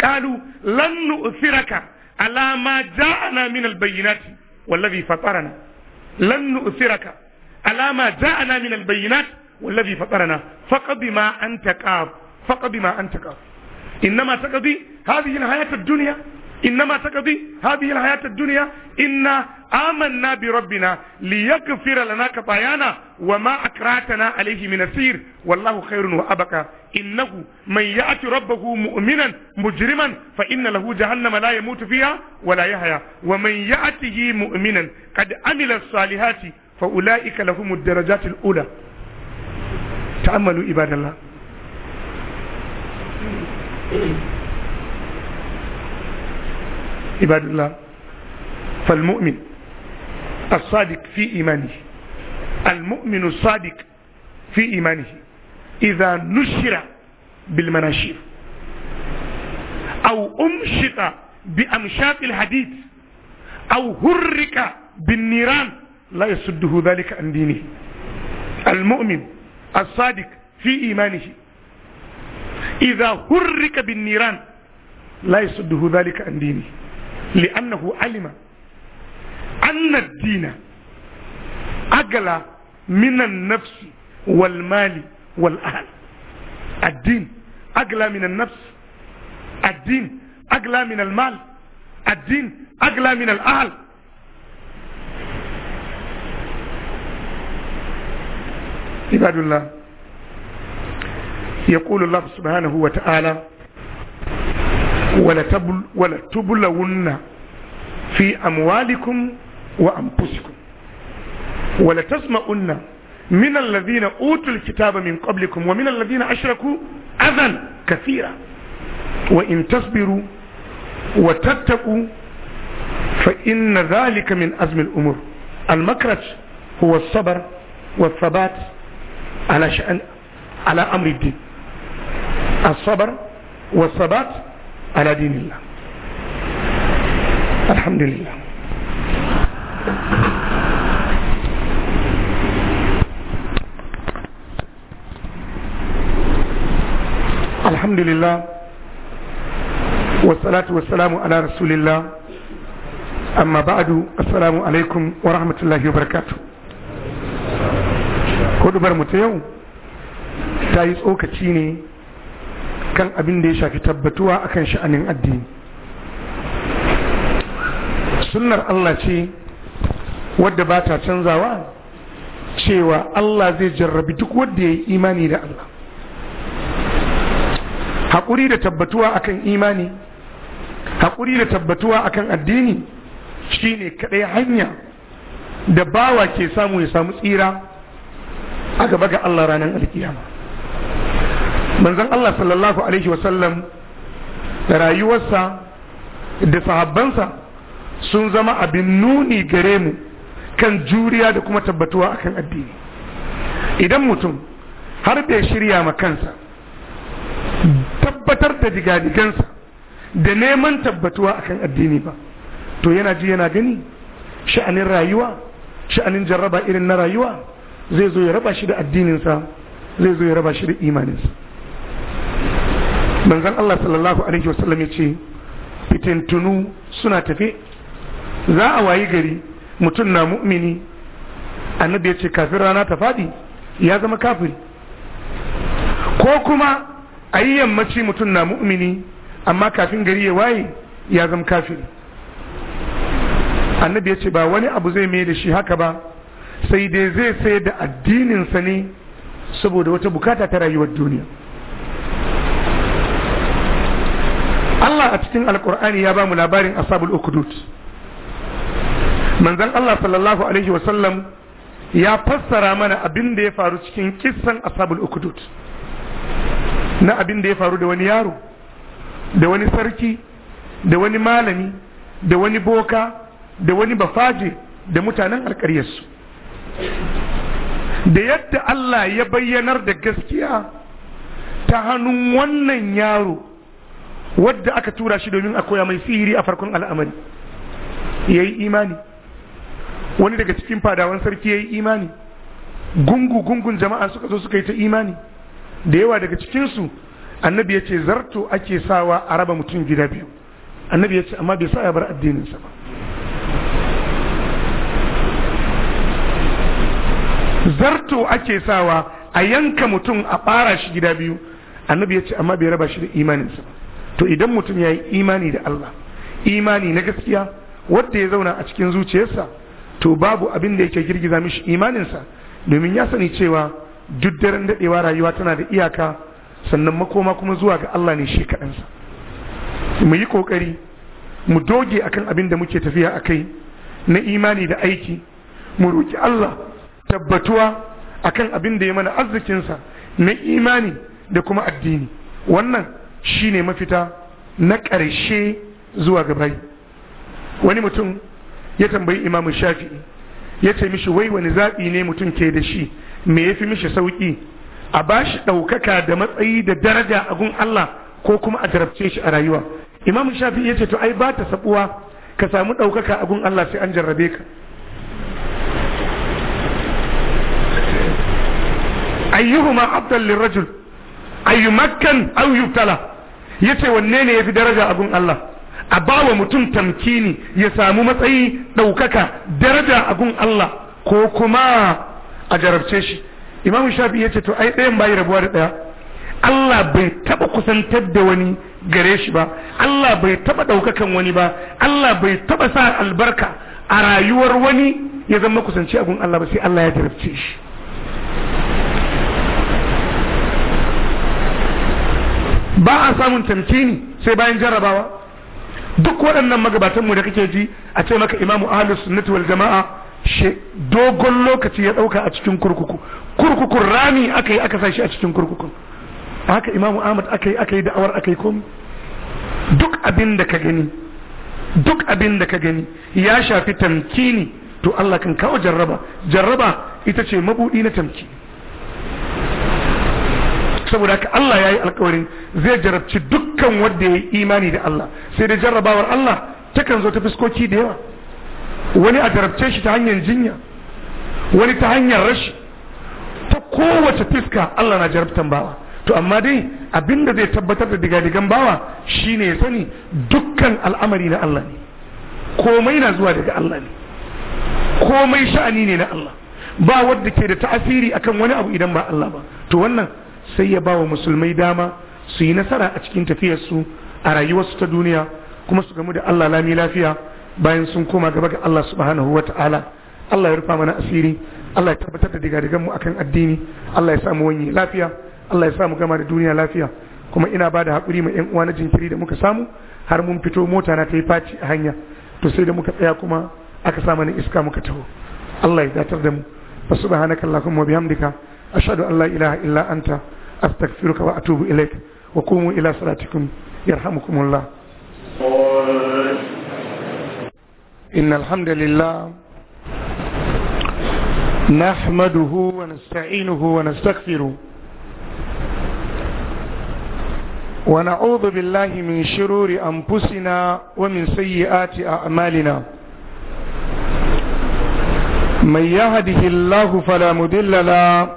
Speaker 2: قالوا لن نؤثرك على ما جاءنا من البينات والذي فطرنا لن نؤثرك على ما جاءنا من البينات والذي فطرنا فقد ما أنت كاف فقد ما أنت كاف إنما تقضي هذه الحياة الدنيا إنما تقضي هذه الحياة الدنيا إنا آمنا بربنا ليغفر لنا خطايانا وما أكرهتنا عليه من السير والله خير وأبقى إنه من يأت ربه مؤمنا مجرما فإن له جهنم لا يموت فيها ولا يحيا ومن يأته مؤمنا قد عمل الصالحات فأولئك لهم الدرجات الأولى تأملوا عباد الله *coughs* عباد الله فالمؤمن الصادق في إيمانه المؤمن الصادق في إيمانه إذا نشر بالمناشير أو أمشط بأمشاط الحديد أو هرك بالنيران لا يصده ذلك عن دينه المؤمن الصادق في إيمانه إذا هرك بالنيران لا يصده ذلك عن دينه لأنه علم أن الدين أقل من النفس والمال والأهل الدين أقل من النفس الدين أقل من المال الدين أقل من الأهل عباد الله يقول الله سبحانه وتعالى ولتبلون في أموالكم وأنفسكم ولتسمعن من الذين أوتوا الكتاب من قبلكم ومن الذين أشركوا أذى كثيرا وإن تصبروا وتتقوا فإن ذلك من أزم الأمور المكرج هو الصبر والثبات على شأن على أمر الدين الصبر والثبات على دين الله الحمد لله الحمد لله والصلاة والسلام على رسول الله أما بعد السلام عليكم ورحمة الله وبركاته هدو برمتيو تايس أوكتيني akan abin da ya shafi tabbatuwa akan sha'anin addini sunnar Allah ce wadda ba ta canzawa cewa Allah zai jarrabi duk wadda ya yi imani da Allah haƙuri da tabbatuwa akan imani haƙuri da tabbatuwa akan addini shine kaɗai hanya da bawa ke samu ya samu tsira a gaba ga Allah ranar alkiyama manzon Allah sallallahu alaihi wasallam rayuwarsa da sahabbansa sun zama abin nuni gare mu kan juriya da kuma tabbatuwa akan addini idan mutum har bai shirya ma kansa tabbatar da digadigansa da neman tabbatuwa akan addini ba to yana ji yana gani sha'anin rayuwa sha'anin jarraba irin na rayuwa zai zo ya raba shi da addininsa zai zo ya raba shi da imaninsa manzon Allah sallallahu alaihi wasallam ya ce fitintunu suna tafe za a wayi gari mutum na mu'mini annabi ya ce kafin rana ta faɗi ya zama kafiri ko kuma a yi yammaci mutum na mu'mini amma kafin gari ya waye ya zama kafiri annabi ya ce ba wani abu zai mai da shi haka ba sai dai zai sayar da addininsa ne saboda wata bukata ta rayuwar duniya Allah a cikin alkur'ani ya ba mu labarin asabul ukudut manzon Allah sallallahu alaihi wasallam ya fassara mana abin da ya faru cikin kissan asabul ukudut na abin da ya faru da wani yaro da wani sarki da wani malami da wani boka da wani bafaje da mutanen alkaryarsu da yadda Allah ya bayyanar da gaskiya ta hannun wannan yaro wadda aka tura shi domin a koya mai sihiri a farkon al'amari ya yi imani wani daga cikin fadawan sarki ya yi imani gungu-gungun jama'a suka zo suka yi ta imani da yawa daga cikinsu annabi ya ce zarto ake sawa a raba mutum gida biyu annabi ya ce amma bai sa ya bar addininsa ba zarto ake sawa a yanka mutum a ɓara shi gida biyu annabi ya ce amma bai raba shi da imaninsa ba to idan mutum ya yi imani da Allah imani na gaskiya wadda ya zauna a cikin zuciyarsa to babu abin da yake girgiza mishi imaninsa domin ya sani cewa duk daren daɗewa rayuwa tana da iyaka sannan makoma kuma zuwa ga Allah ne shi kaɗansa mu yi ƙoƙari mu doge akan abin da muke tafiya a kai na imani da aiki mu roƙi Allah tabbatuwa akan abin da ya mana arzikinsa na imani da kuma addini wannan Shi ne mafita na ƙarshe zuwa gabai wani mutum ya tambayi imamu shafi'i ya ce mishi wai wani zaɓi ne mutum ke da shi me ya fi mishi sauƙi a ba shi ɗaukaka da matsayi da daraja a gun Allah ko kuma a jarabce shi a rayuwa imamu shafi ya ce to ai ba ta sabuwa ka samu ɗaukaka a gun Allah sai an jarrabe ka ayyuhuma abdal Rajul ayyumakkan aw yubtala ya ce wanne ne ya fi daraja abun Allah a bawa mutum tamkini ya samu matsayi ɗaukaka daraja abun Allah ko kuma a jarabce shi imamu shafi ya ce to ai ɗayan bayi rabuwa da ɗaya Allah bai taɓa kusantar da wani gare shi ba Allah bai taɓa ɗaukakan wani ba Allah bai taɓa sa albarka a rayuwar wani ya zama kusanci abun Allah ba sai Allah ya jarabce shi ba a samun tamkini sai bayan jarrabawa duk waɗannan magabatan mu da kake ji a ce maka imamu ahlus sunnati wal jama'a she dogon lokaci ya ɗauka a cikin kurkuku kurkukun rami aka yi aka sashi a cikin kurkukun haka imamu ahmad aka yi da'awar aka yi komi duk abin da ka gani duk abin da ka gani ya shafi tamkini to Allah kan kawo jarraba jarraba ita ce mabudi na tamkini saboda haka Allah ya yi alkawarin zai jarabci dukkan wanda ya yi imani da Allah sai dai jarrabawar Allah takan zo ta fuskoki da yawa wani a jarabce shi ta hanyar jinya wani ta hanyar rashi ta kowace fiska Allah na jarabtan bawa to amma dai abinda zai tabbatar da digadigan bawa shine ya sani dukkan al'amari na Allah ne komai na zuwa daga Allah ne komai sha'ani ne na Allah ba wadda ke da ta'asiri akan wani abu idan ba Allah ba to wannan sai ya bawa musulmai dama su yi nasara a cikin tafiyarsu a rayuwarsu ta duniya kuma su gamu da Allah lami lafiya bayan sun koma gaba ga Allah subhanahu wa ta'ala Allah ya rufa mana asiri Allah ya tabbatar da diga mu akan addini Allah ya samu wani lafiya Allah ya samu gama da duniya lafiya kuma ina ba da haƙuri ma 'yan uwa na jinkiri da muka samu har mun fito mota na ta yi faci a hanya to sai da muka tsaya kuma aka sa mana iska muka taho Allah ya datar da mu fa subhanaka allahumma wa bihamdika ashhadu an la ilaha illa anta أستغفرك وأتوب إليك وقوموا إلى صلاتكم يرحمكم الله إن الحمد لله نحمده ونستعينه ونستغفره ونعوذ بالله من شرور أنفسنا ومن سيئات أعمالنا من يهده الله فلا مضل له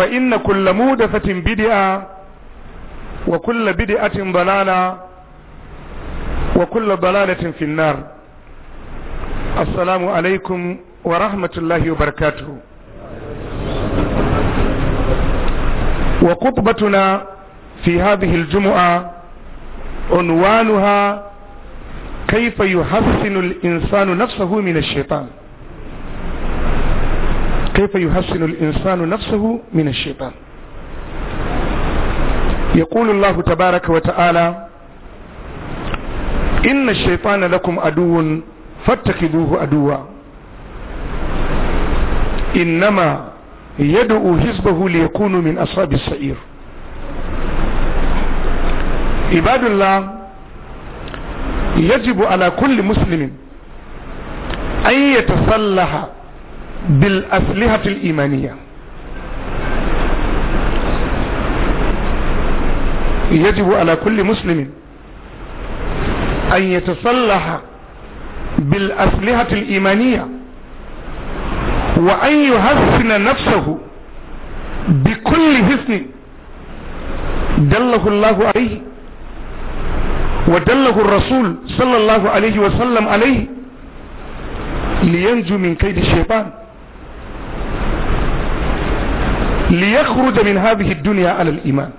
Speaker 2: فإن كل مودفة بدعة وكل بدعة ضلالة وكل ضلالة في النار السلام عليكم ورحمة الله وبركاته وخطبتنا في هذه الجمعة عنوانها كيف يحسن الإنسان نفسه من الشيطان كيف يحسن الإنسان نفسه من الشيطان يقول الله تبارك وتعالى إن الشيطان لكم عدو فاتخذوه عدوا إنما يدعو حزبه ليكونوا من أصحاب السعير عباد الله يجب على كل مسلم أن يتصلح بالأسلحة الإيمانية يجب على كل مسلم أن يتسلح بالأسلحة الإيمانية وأن يحسن نفسه بكل حسن دله الله عليه ودله الرسول صلى الله عليه وسلم عليه لينجو من كيد الشيطان ليخرج من هذه الدنيا على الإيمان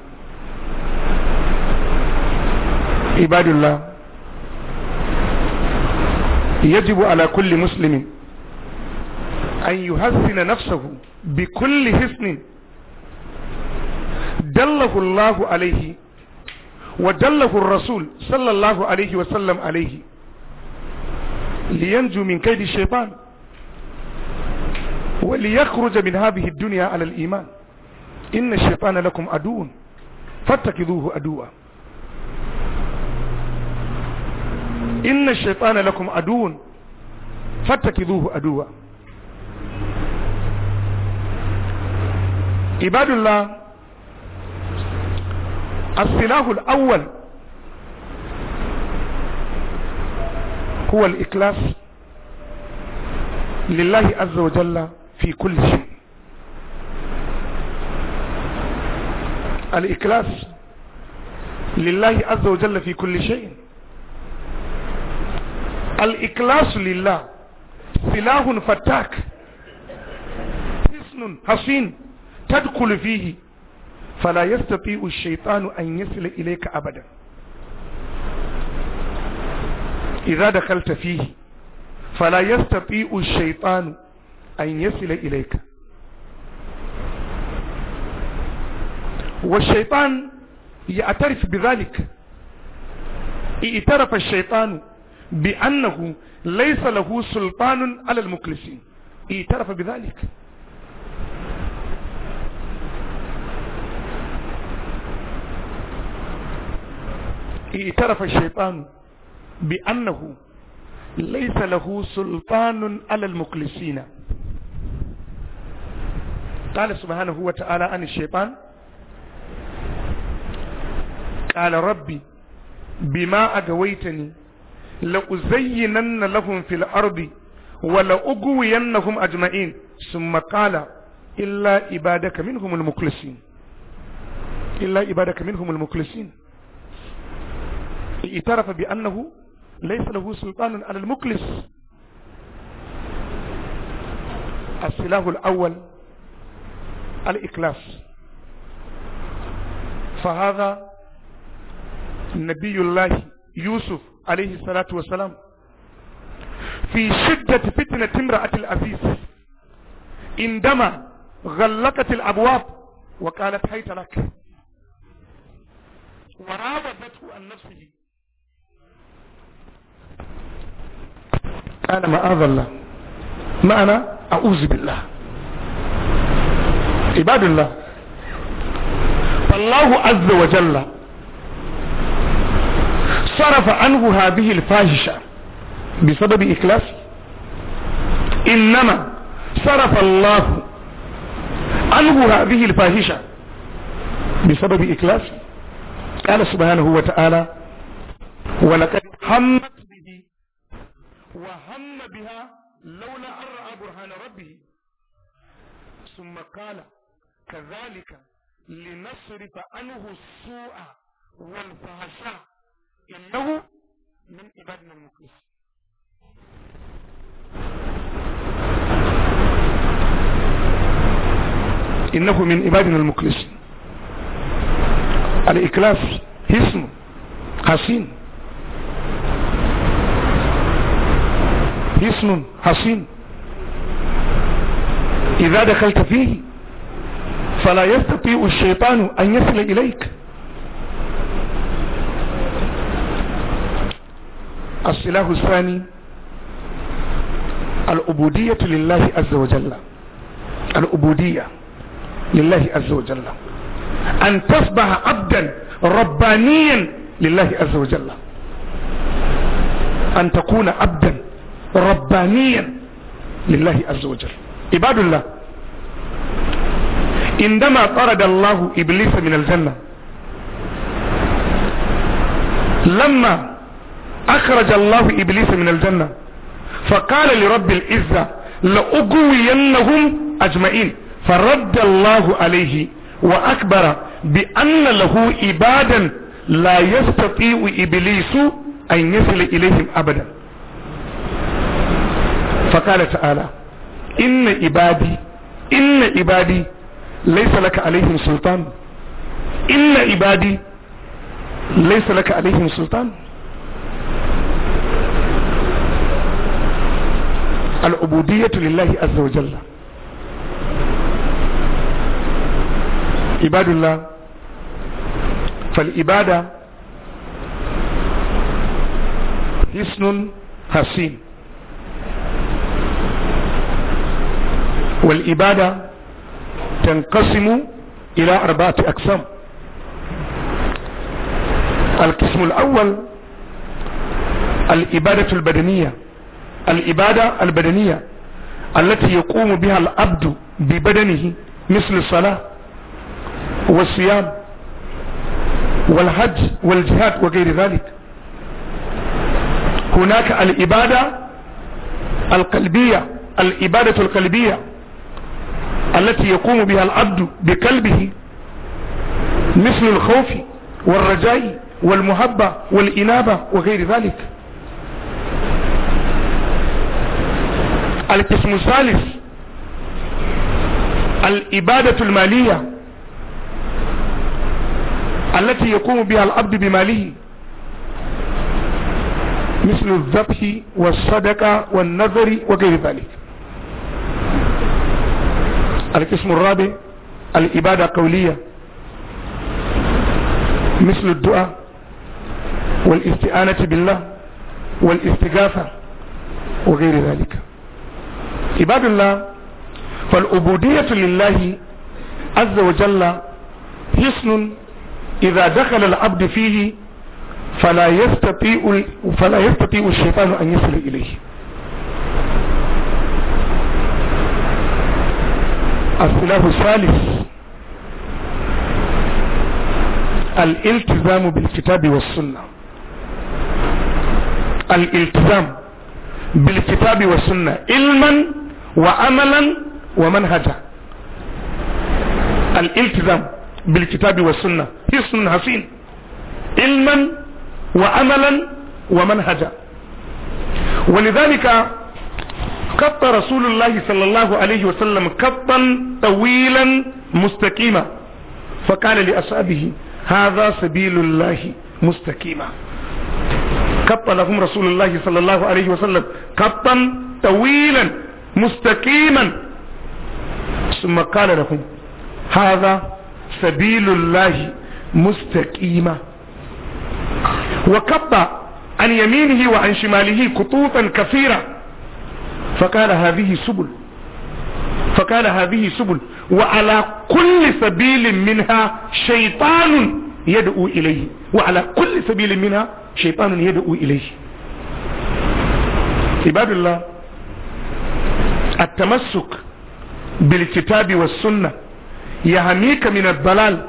Speaker 2: عباد الله يجب على كل مسلم أن يحسن نفسه بكل حسن دله الله عليه ودله الرسول صلى الله عليه وسلم عليه لينجو من كيد الشيطان وليخرج من هذه الدنيا على الإيمان إن الشيطان لكم عدو فاتخذوه عدوا إن الشيطان لكم عدو فاتخذوه عدوا عباد الله السلاح الأول هو الإخلاص لله عز وجل في كل شيء الإكلاس لله عز وجل في كل شيء الإكلاس لله سلاح فتاك حسن حصين تدخل فيه فلا يستطيع الشيطان أن يصل إليك أبدا إذا دخلت فيه فلا يستطيع الشيطان أن يصل إليك والشيطان يعترف بذلك اعترف الشيطان بأنه ليس له سلطان على المخلصين اعترف بذلك اعترف الشيطان بأنه ليس له سلطان على المخلصين قال سبحانه وتعالى عن الشيطان قال ربي بما أغويتني لأزينن لهم في الأرض ولأغوينهم أجمعين ثم قال إلا عبادك منهم المخلصين إلا عبادك منهم المخلصين اعترف بأنه ليس له سلطان على المخلص السلاح الأول الإخلاص فهذا نبي الله يوسف عليه الصلاة والسلام في شدة فتنة امرأة الأفيس عندما غلقت الأبواب وقالت حيت لك وراودته عن نفسه قال معاذ الله ما أنا أعوذ بالله عباد الله فالله عز وجل صرف عنه هذه الفاحشة بسبب إخلاص إنما صرف الله عنه هذه الفاحشة بسبب إخلاص قال سبحانه وتعالى ولقد همت به وهم بها لولا أن رأى برهان ربه ثم قال كذلك لنصرف عنه السوء والفحشاء إنه من عبادنا المخلصين إنه من عبادنا المخلصين الإكلاف اسم حسين اسم حسين إذا دخلت فيه فلا يستطيع الشيطان أن يصل إليك السلاح الثاني العبودية لله عز وجل العبودية لله عز وجل أن تصبح عبدا ربانيا لله عز وجل أن تكون عبدا ربانيا لله عز وجل عباد الله عندما طرد الله إبليس من الجنة لما أخرج الله إبليس من الجنة فقال لرب العزة لأقوينهم أجمعين فرد الله عليه وأكبر بأن له عبادا لا يستطيع إبليس أن يصل إليهم أبدا فقال تعالى إن عبادي إن عبادي ليس لك عليهم سلطان إن عبادي ليس لك عليهم سلطان العبودية لله عز وجل عباد الله فالعبادة حسن حسين والعبادة تنقسم إلى أربعة أقسام القسم الأول العبادة البدنية الإبادة البدنية التي يقوم بها العبد ببدنه مثل الصلاة والصيام والحج والجهاد وغير ذلك هناك الإبادة القلبية الإبادة القلبية التي يقوم بها العبد بقلبه مثل الخوف والرجاء والمحبة والإنابة وغير ذلك القسم الثالث الإبادة المالية التي يقوم بها العبد بماله مثل الذبح والصدقة والنذر وغير ذلك القسم الرابع الإبادة القولية مثل الدعاء والاستعانة بالله والاستغاثة وغير ذلك عباد الله فالعبودية لله عز وجل حسن إذا دخل العبد فيه فلا يستطيع فلا يستطيع الشيطان أن يصل إليه السلاح الثالث الالتزام بالكتاب والسنة الالتزام بالكتاب والسنة علما وعملا ومنهجا الالتزام بالكتاب والسنة حسن حسين علما وعملا ومنهجا ولذلك قط رسول الله صلى الله عليه وسلم قطا طويلا مستقيما فقال لأصحابه هذا سبيل الله مستقيما قط لهم رسول الله صلى الله عليه وسلم قطا طويلا مستقيما ثم قال لهم هذا سبيل الله مستقيما وكب عن يمينه وعن شماله قطوطا كثيرة فقال هذه سبل فقال هذه سبل وعلى كل سبيل منها شيطان يدعو إليه وعلى كل سبيل منها شيطان يدعو إليه عباد الله التمسك بالكتاب والسنة يهميك من الضلال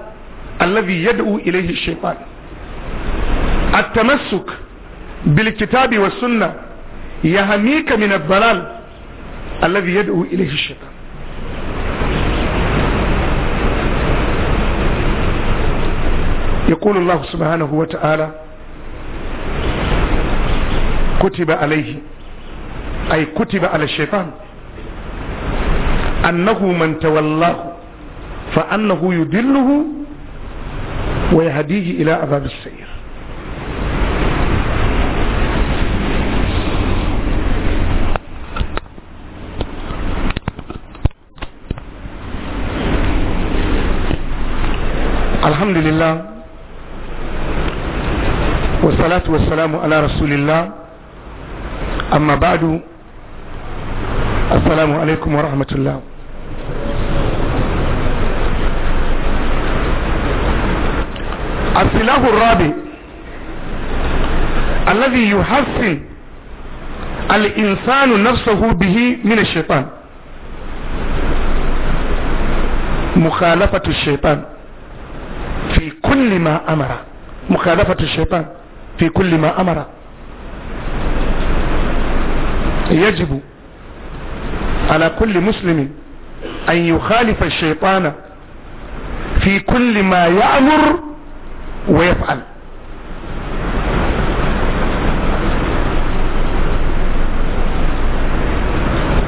Speaker 2: الذي يدعو إليه الشيطان التمسك بالكتاب والسنة يهميك من الضلال الذي يدعو إليه الشيطان يقول الله سبحانه وتعالى كتب عليه أي كتب على الشيطان أنه من تولاه فأنه يدله ويهديه إلى عذاب السير الحمد لله والصلاة والسلام على رسول الله أما بعد السلام عليكم ورحمة الله السلاح الرابع الذي يحسن الإنسان نفسه به من الشيطان مخالفة الشيطان في كل ما أمر مخالفة الشيطان في كل ما أمر يجب على كل مسلم أن يخالف الشيطان في كل ما يأمر ويفعل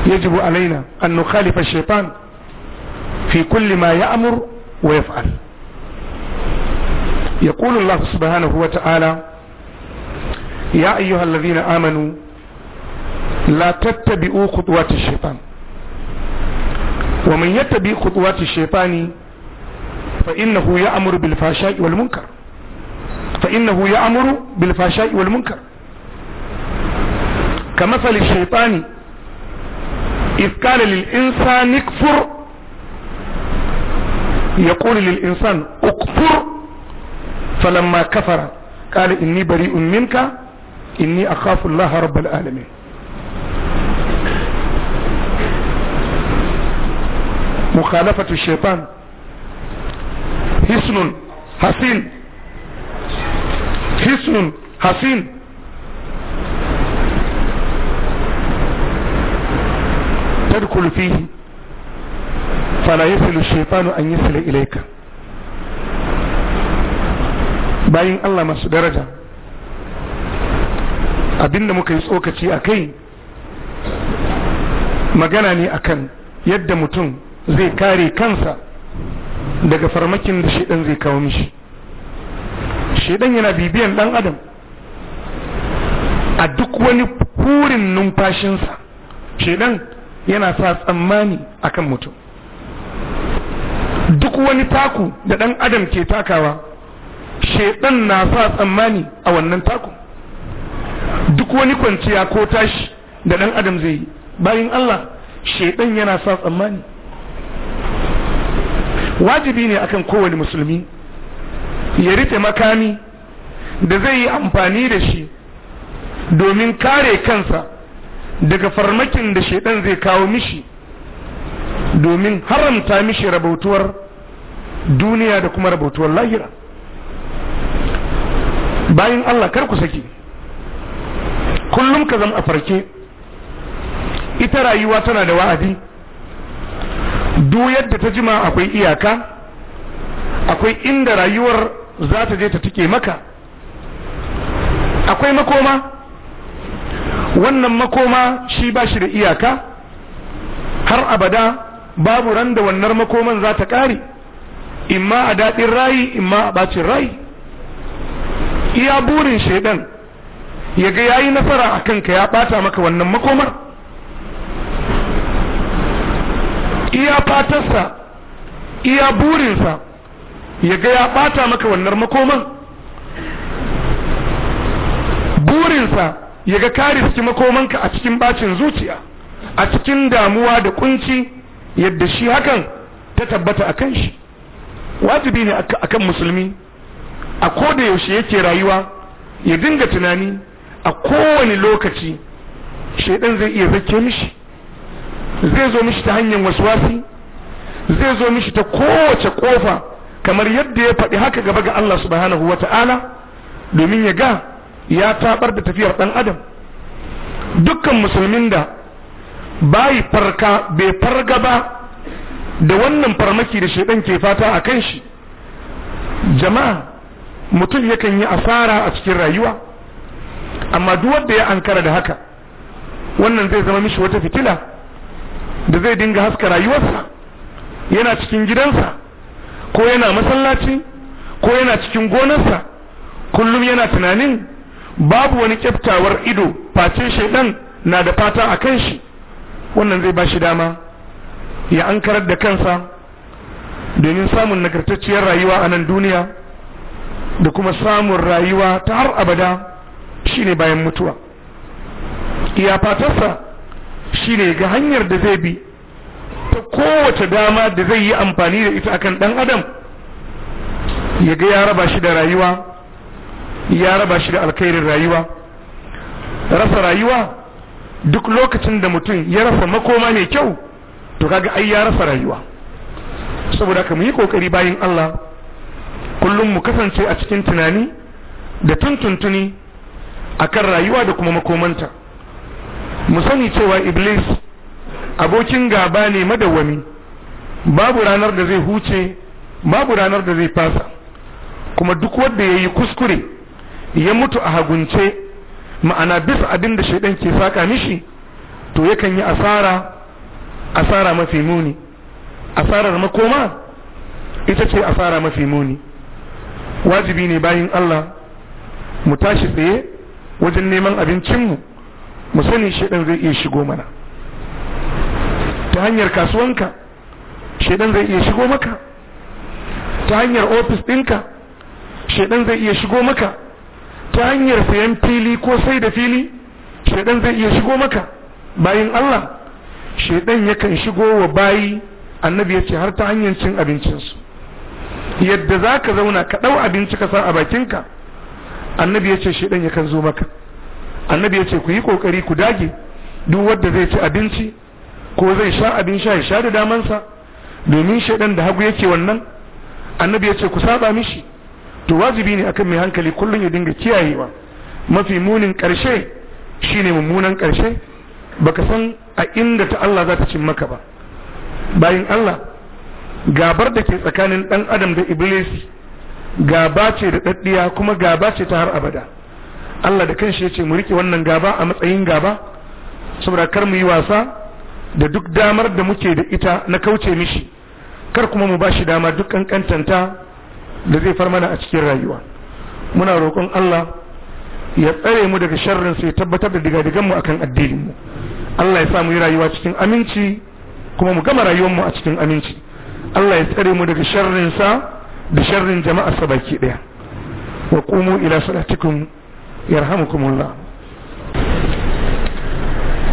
Speaker 2: يجب علينا أن نخالف الشيطان في كل ما يأمر ويفعل يقول الله سبحانه وتعالى يا أيها الذين آمنوا لا تتبعوا خطوات الشيطان ومن يتبع خطوات الشيطان فإنه يأمر بالفحشاء والمنكر فإنه يأمر بالفحشاء والمنكر كمثل الشيطان إذ قال للإنسان اكفر يقول للإنسان اكفر فلما كفر قال إني بريء منك إني أخاف الله رب العالمين مخالفة الشيطان حسن حسين hisnun hasin tadkul fihi fala yasilu shaytanu an yasila ilayka bayan Allah masu daraja abinda muka yi tsokaci a kai magana ne akan yadda mutum zai kare kansa daga farmakin da shi zai kawo mishi shedan yana bibiyan dan adam a duk wani hurin numfashinsa shedan yana sa tsammani akan mutum duk wani taku da dan adam ke takawa shedan na sa tsammani a wannan taku duk wani kwanciya ko tashi da dan adam zai yi bayan Allah shedan yana sa tsammani wajibi ne akan kowane musulmi ya rike makami da zai yi amfani da shi domin kare kansa daga farmakin da shaidan zai kawo mishi domin haramta mishi rabautuwar duniya da kuma rabautuwar lahira bayan Allah kar ku saki kullum ka zama a farke ita rayuwa tana da wa'adi duk yadda ta jima akwai iyaka akwai inda rayuwar za ta je ta tike maka akwai makoma wannan makoma shi ba shi da iyaka har abada babu ran da wannan makoman za ta ƙare imma a daɗin rayi imma a ɓacin rayi iya burin shaidan ya ga yayi nasara a kanka ya ɓata maka wannan makomar iya fatarsa iya burinsa ya ga ya bata maka wannan makoman burinsa ya ga ka makomanka a cikin bacin zuciya a cikin damuwa da kunci yadda shi hakan ta tabbata akan shi wajibi ne akan musulmi a koda yaushe yake rayuwa ya dinga tunani a kowane lokaci shaidan zai iya zake mishi zai zo mishi ta hanyar wasi zai zo mishi ta kowace kofa kamar yadda ya faɗi haka gaba ga Allah subhanahu wa ta'ala domin ya ga ya tabar da tafiyar ɗan adam dukkan musulmin da bayi farka bai farga ba da wannan farmaki da shaidan ke fata a kan shi jama'a mutum yakan yi asara a cikin rayuwa amma duk wanda ya ankara da haka wannan zai zama mishi wata fitila da zai dinga haska rayuwarsa yana cikin gidansa ko yana masallaci ko yana cikin gonarsa kullum yana tunanin babu wani kyaftawar ido face shaidan na da fata a kan shi wannan zai ba shi dama ya ankarar da kansa domin samun nagartacciyar rayuwa a nan duniya da kuma samun rayuwa ta har abada shine bayan mutuwa iya fatarsa shine ga hanyar da zai bi ta kowace dama da zai yi amfani da ita akan ɗan adam ya ga ya raba shi da rayuwa ya raba shi da alkhairin rayuwa rasa rayuwa duk lokacin da mutum ya rasa makoma mai kyau to kaga ai ya rasa rayuwa saboda haka mu yi kokari bayan Allah kullum mu kasance a cikin tunani da tuntuntuni akan rayuwa da kuma makomanta mu sani cewa iblis abokin gaba ne madawwami babu ranar da zai huce babu ranar da zai fasa kuma duk wanda ya yi kuskure ya mutu a hagunce ma'ana bisa abin da shaidan ke saka mishi to yakan yi asara asara mafi muni asarar makoma ita ce asara mafi muni wajibi ne bayin Allah mu tashi tsaye wajen neman abincinmu mu sani shaidan zai iya shigo mana ta hanyar kasuwanka shedan zai iya shigo maka ta hanyar ofis ɗinka shedan zai iya shigo maka ta hanyar sayan fili ko sai da fili shedan zai iya shigo maka bayin Allah shedan yakan shigo wa bayi annabi ya ce har ta hanyar cin abincinsu yadda za ka zauna ka ɗau abinci ka sa a bakinka annabi ya ce shedan yakan zo maka annabi ya ce ku yi ƙoƙari ku dage duk wadda zai ci abinci ko zai sha abin sha ya sha da damansa domin shaidan da hagu yake wannan annabi ya ce ku saba mishi to wajibi ne akan mai hankali kullum ya dinga kiyayewa mafi munin karshe shine mummunan karshe baka san a inda ta Allah za ta cin maka ba bayan Allah gabar da ke tsakanin dan adam da iblis gaba ce da daddiya kuma gaba ce ta har abada Allah da kanshi ya ce mu rike wannan gaba a matsayin gaba saboda kar mu yi wasa da duk damar da muke da ita na kauce mishi kar kuma mu bashi dama duk kankantanta da zai far mana a cikin rayuwa muna roƙon Allah ya tsare mu daga sharrin sai tabbatar da digadigan mu akan addinin mu Allah ya sa mu yi rayuwa cikin aminci kuma mu gama rayuwar mu a cikin aminci Allah ya tsare mu daga sharrin sa da sharrin jama'a sa baki daya wa qumu ila salatikum yarhamukumullah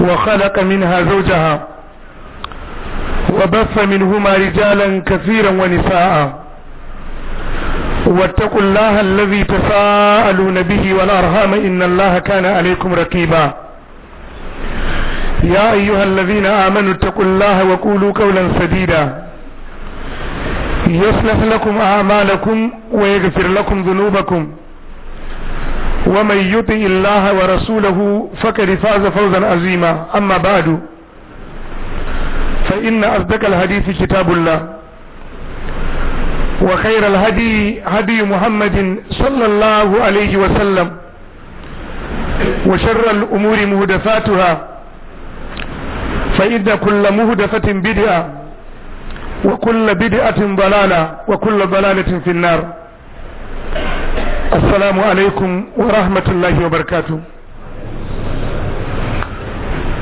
Speaker 2: وخلق منها زوجها وبث منهما رجالا كثيرا ونساء واتقوا الله الذي تساءلون به والأرهام إن الله كان عليكم ركيبا يا أيها الذين آمنوا اتقوا الله وقولوا قولا سديدا يصلح لكم أعمالكم ويغفر لكم ذنوبكم ومن يطع الله ورسوله فقد فاز فوزا عظيما أما بعد فإن أصدق الحديث كتاب الله وخير الهدي هدي محمد صلى الله عليه وسلم وشر الأمور مهدفاتها فإن كل مهدفة بدعة وكل بدعة ضلالة وكل ضلالة في النار السلام عليكم ورحمة الله وبركاته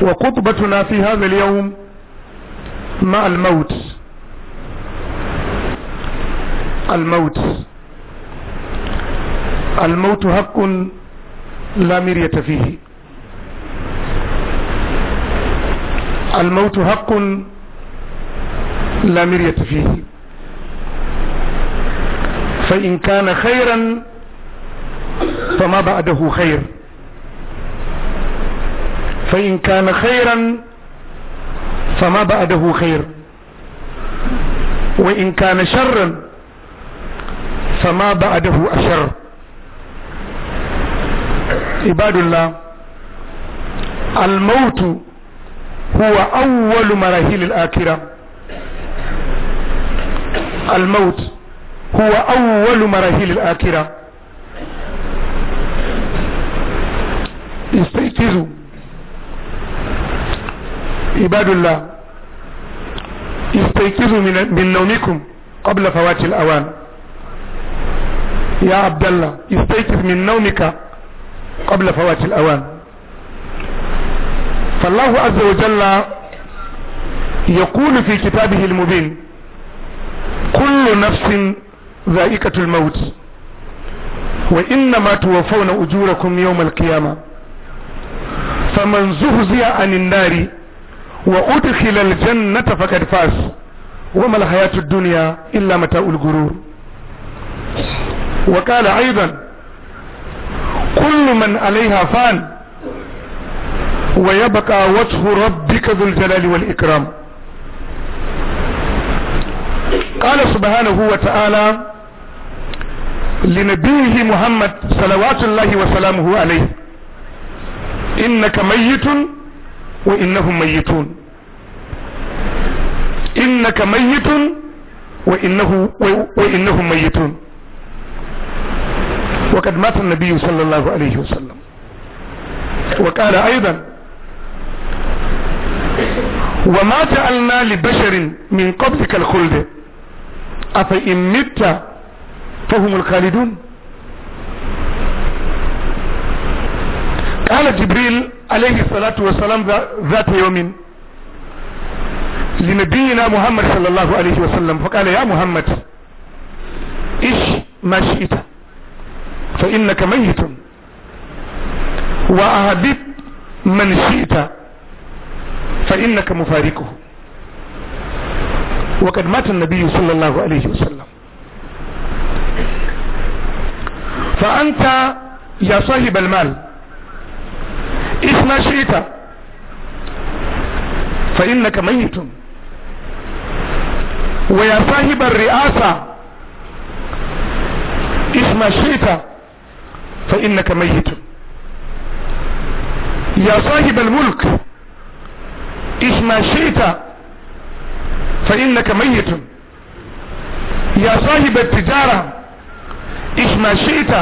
Speaker 2: وخطبتنا في هذا اليوم مع الموت الموت الموت حق لا مرية فيه الموت حق لا مرية فيه فإن كان خيرا فما بعده خير فإن كان خيرا فما بعده خير وإن كان شرا فما بعده أشر عباد الله الموت هو أول مراحل الآخرة الموت هو أول مراحل الآخرة استيقظوا عباد الله استيقظوا من, من نومكم قبل فوات الأوان يا عبد الله استيقظ من نومك قبل فوات الأوان فالله عز وجل يقول في كتابه المبين كل نفس ذائقة الموت وإنما توفون أجوركم يوم القيامة فمن زهزي عن النار وأدخل الجنة فقد فاز وما الحياة الدنيا إلا متاع الغرور وقال أيضا كل من عليها فان ويبقى وجه ربك ذو الجلال والإكرام قال سبحانه وتعالى لنبيه محمد صلوات الله وسلامه عليه إنك ميت وإنهم ميتون إنك ميت وإنه وإنهم ميتون وقد مات النبي صلى الله عليه وسلم وقال أيضا وما جعلنا لبشر من قبلك الخلد أفإن مت فهم الخالدون قال جبريل عليه الصلاة والسلام ذات يوم لنبينا محمد صلى الله عليه وسلم فقال يا محمد ايش ما شئت فإنك ميت وأهبط من شئت فإنك مفارقه وقد مات النبي صلى الله عليه وسلم فأنت يا صاحب المال اسم ما شئت فإنك ميت ويا صاحب الرئاسة اسم ما شئت فإنك ميت يا صاحب الملك اسم ما شئت فإنك ميت يا صاحب التجارة اسم ما شئت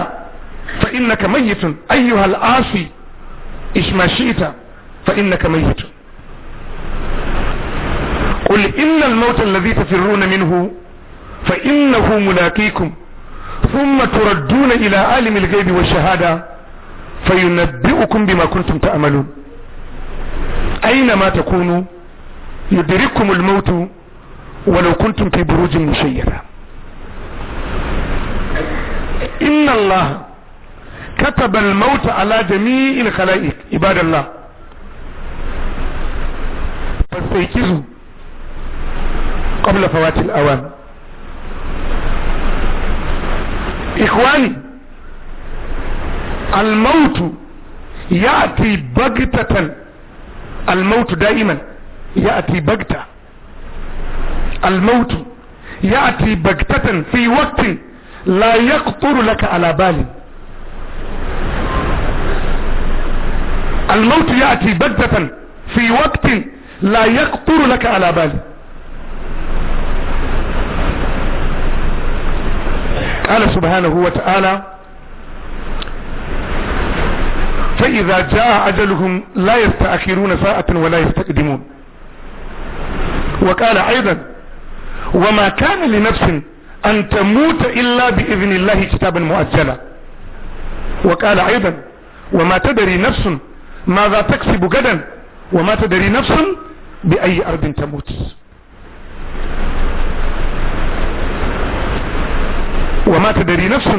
Speaker 2: فإنك ميت أيها الآصي إيش ما شئت فإنك ميت قل إن الموت الذي تفرون منه فإنه ملاقيكم ثم تردون إلى عالم الغيب والشهادة فينبئكم بما كنتم تعملون أينما تكونوا يدرككم الموت ولو كنتم في بروج مشيدة إن الله كتب الموت على جميع الخلائق عباد الله فاستيقظوا قبل فوات الاوان اخواني الموت يأتي بغتة الموت دائما يأتي بغتة الموت يأتي بغتة في وقت لا يخطر لك على بال الموت يأتي بجة في وقت لا يخطر لك على بال قال سبحانه وتعالى فإذا جاء أجلهم لا يستأخرون ساعة ولا يستقدمون وقال أيضا وما كان لنفس أن تموت إلا بإذن الله كتابا مؤجلا وقال أيضا وما تدري نفس ماذا تكسب غدا وما تدري نفس بأي أرض تموت وما تدري نفس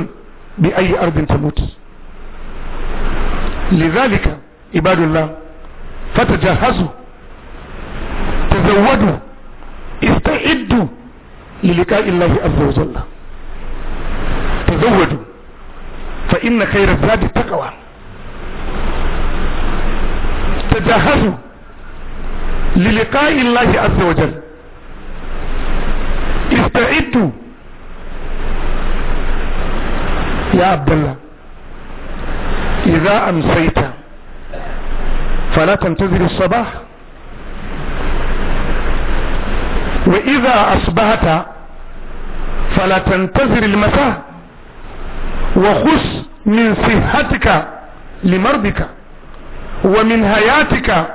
Speaker 2: بأي أرض تموت لذلك عباد الله فتجهزوا تزودوا استعدوا للقاء الله عز وجل تزودوا فإن خير الزاد التقوى تجهزوا للقاء الله عز وجل استعدوا يا عبد الله اذا امسيت فلا تنتظر الصباح واذا اصبحت فلا تنتظر المساء وخص من صحتك لمرضك ومن هياتك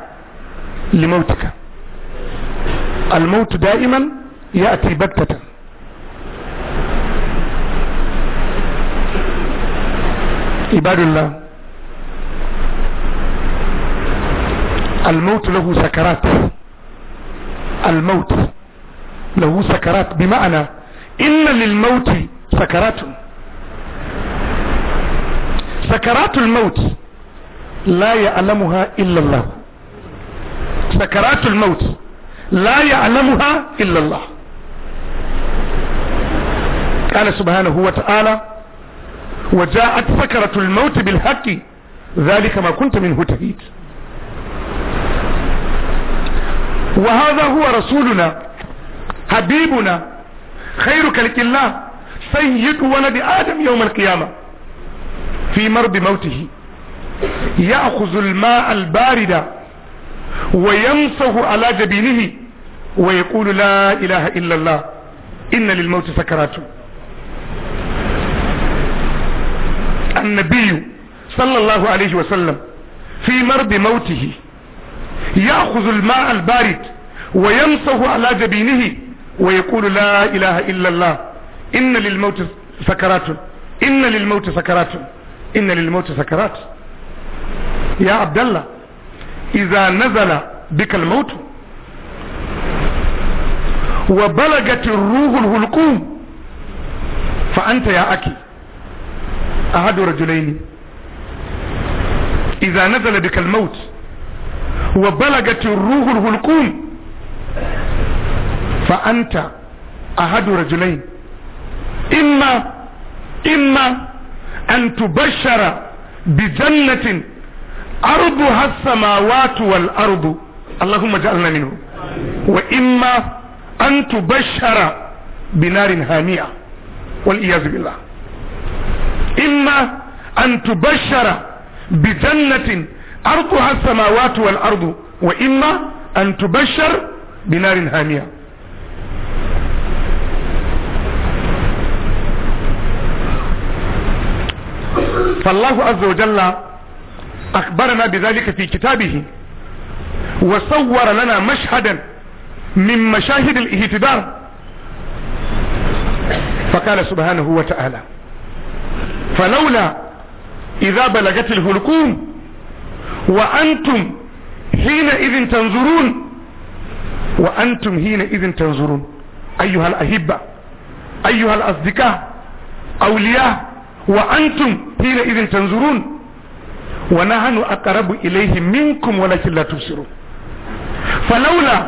Speaker 2: لموتك الموت دائما يأتي بكتة عباد الله الموت له سكرات الموت له سكرات بمعنى إن للموت سكرات سكرات الموت لا يعلمها إلا الله سكرات الموت لا يعلمها إلا الله قال سبحانه وتعالى وجاءت سكرة الموت بالحق ذلك ما كنت منه تهيد وهذا هو رسولنا حبيبنا خير كلك الله سيد ولد آدم يوم القيامة في مرض موته يأخذ الماء البارد وينصه على جبينه ويقول لا إله إلا الله إن للموت سكرات النبي صلى الله عليه وسلم في مرض موته يأخذ الماء البارد ويمسه على جبينه ويقول لا إله إلا الله إن للموت سكرات إن للموت سكرات إن للموت سكرات يا عبد الله إذا نزل بك الموت وبلغت الروح الهلكوم فأنت يا أكي أحد رجلين إذا نزل بك الموت وبلغت الروح الهلكوم فأنت أحد رجلين إما إما أن تبشر بجنة أرضها السماوات والأرض اللهم اجعلنا منه وإما أن تبشر بنار هامية والعياذ بالله إما أن تبشر بجنة أرضها السماوات والأرض وإما أن تبشر بنار هامية فالله عز وجل أخبرنا بذلك في كتابه وصور لنا مشهدا من مشاهد الاهتدار فقال سبحانه وتعالى فلولا إذا بلغت الهلكوم وأنتم حينئذ تنظرون وأنتم حينئذ تنظرون أيها الأهبة أيها الأصدقاء أولياء وأنتم حينئذ تنظرون ونحن أقرب إليه منكم ولكن لا تبصرون فلولا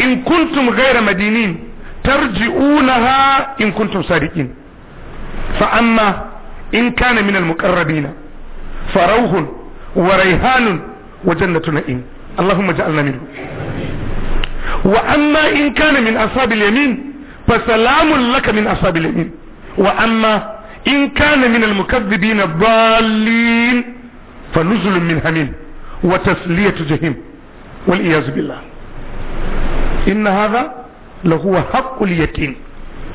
Speaker 2: إن كنتم غير مدينين ترجعونها إن كنتم صادقين فأما إن كان من المقربين فروح وريحان وجنة نعيم اللهم اجعلنا منه وأما إن كان من أصحاب اليمين فسلام لك من أصحاب اليمين وأما إن كان من المكذبين الضالين فنزل من همين وتسلية جهيم والعياذ بالله إن هذا لهو حق اليتيم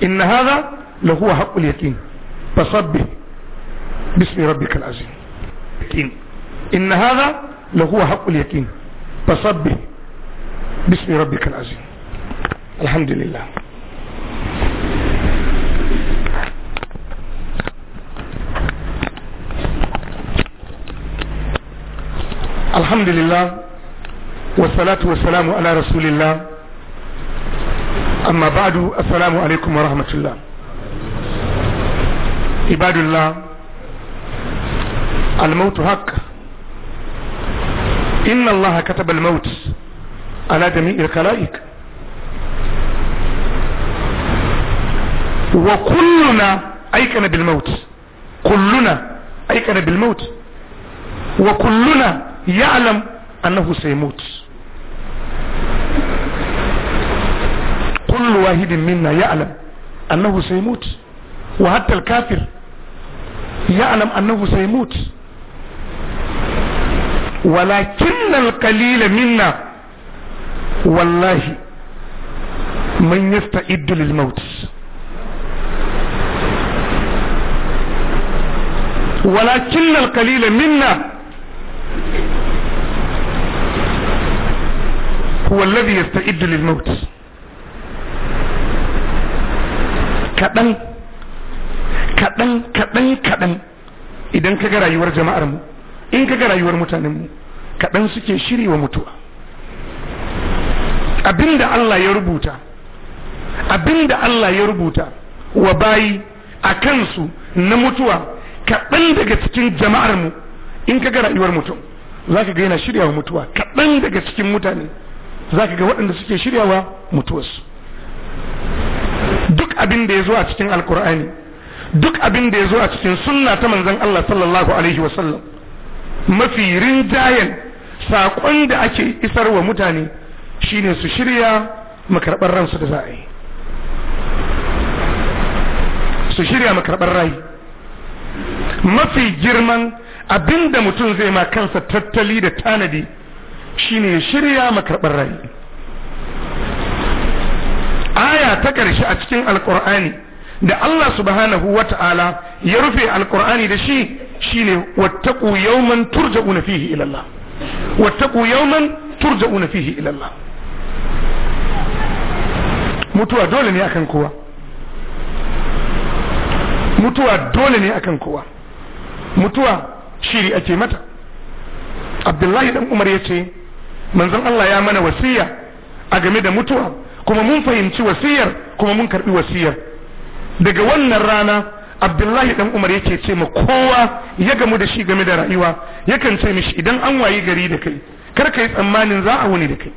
Speaker 2: إن هذا لهو حق اليتيم فصبه باسم ربك العظيم إن هذا لهو حق اليتيم فصبه باسم ربك العزيم الحمد لله الحمد لله والصلاة والسلام على رسول الله أما بعد السلام عليكم ورحمة الله عباد الله الموت حق إن الله كتب الموت على جميع الخلائق وكلنا أيكن بالموت كلنا أيكن بالموت وكلنا يعلم أنه سيموت كل واحد منا يعلم أنه سيموت وحتى الكافر يعلم أنه سيموت ولكن القليل منا والله من يستعد للموت ولكن القليل منا هو الذي يستعد للموت كدن كدن كدن كدن idan idan kaga rayuwar jama'ar mu in kaga rayuwar mutanen mu kadan suke shiri wa mutuwa abinda Allah ya rubuta abinda Allah ya rubuta wa bayi a kansu na mutuwa kaɗan daga cikin jama'ar mu in ka ga rayuwar mutum za ka ga yana wa mutuwa kaɗan daga cikin mutane za ka ga waɗanda suke shirya wa mutuwarsu duk abin da ya zo a cikin alkur'ani duk abin da ya zo a cikin sunna ta manzan Allah sallallahu alaihi wasallam mafi rinjayen saƙon da ake isarwa mutane shine su shirya makarɓar ransu da za a yi su shirya makarɓar rai mafi girman Abin da mutum zai ma kansa tattali da tanadi shine ya shirya makarɓar rai aya ta ƙarshe a cikin alƙur'ani da Allah subhanahu wa ta'ala ya rufe alƙur'ani da shi shine wattaqu yawman turja'una fihi ila Allah wattaqu yawman turja'una fihi ila Allah mutuwa dole ne akan kowa mutuwa dole ne akan kowa mutuwa shiri ake mata abdullahi dan umar ya ce manzon Allah ya mana wasiya a game da mutuwa kuma mun fahimci wasiyar kuma mun karbi wasiyar daga wannan rana abdullahi dan umar yake ce ma kowa ya gamu da shi game da rayuwa yakan ce mishi idan an wayi gari da kai kar ka yi tsammanin za a wuni da kai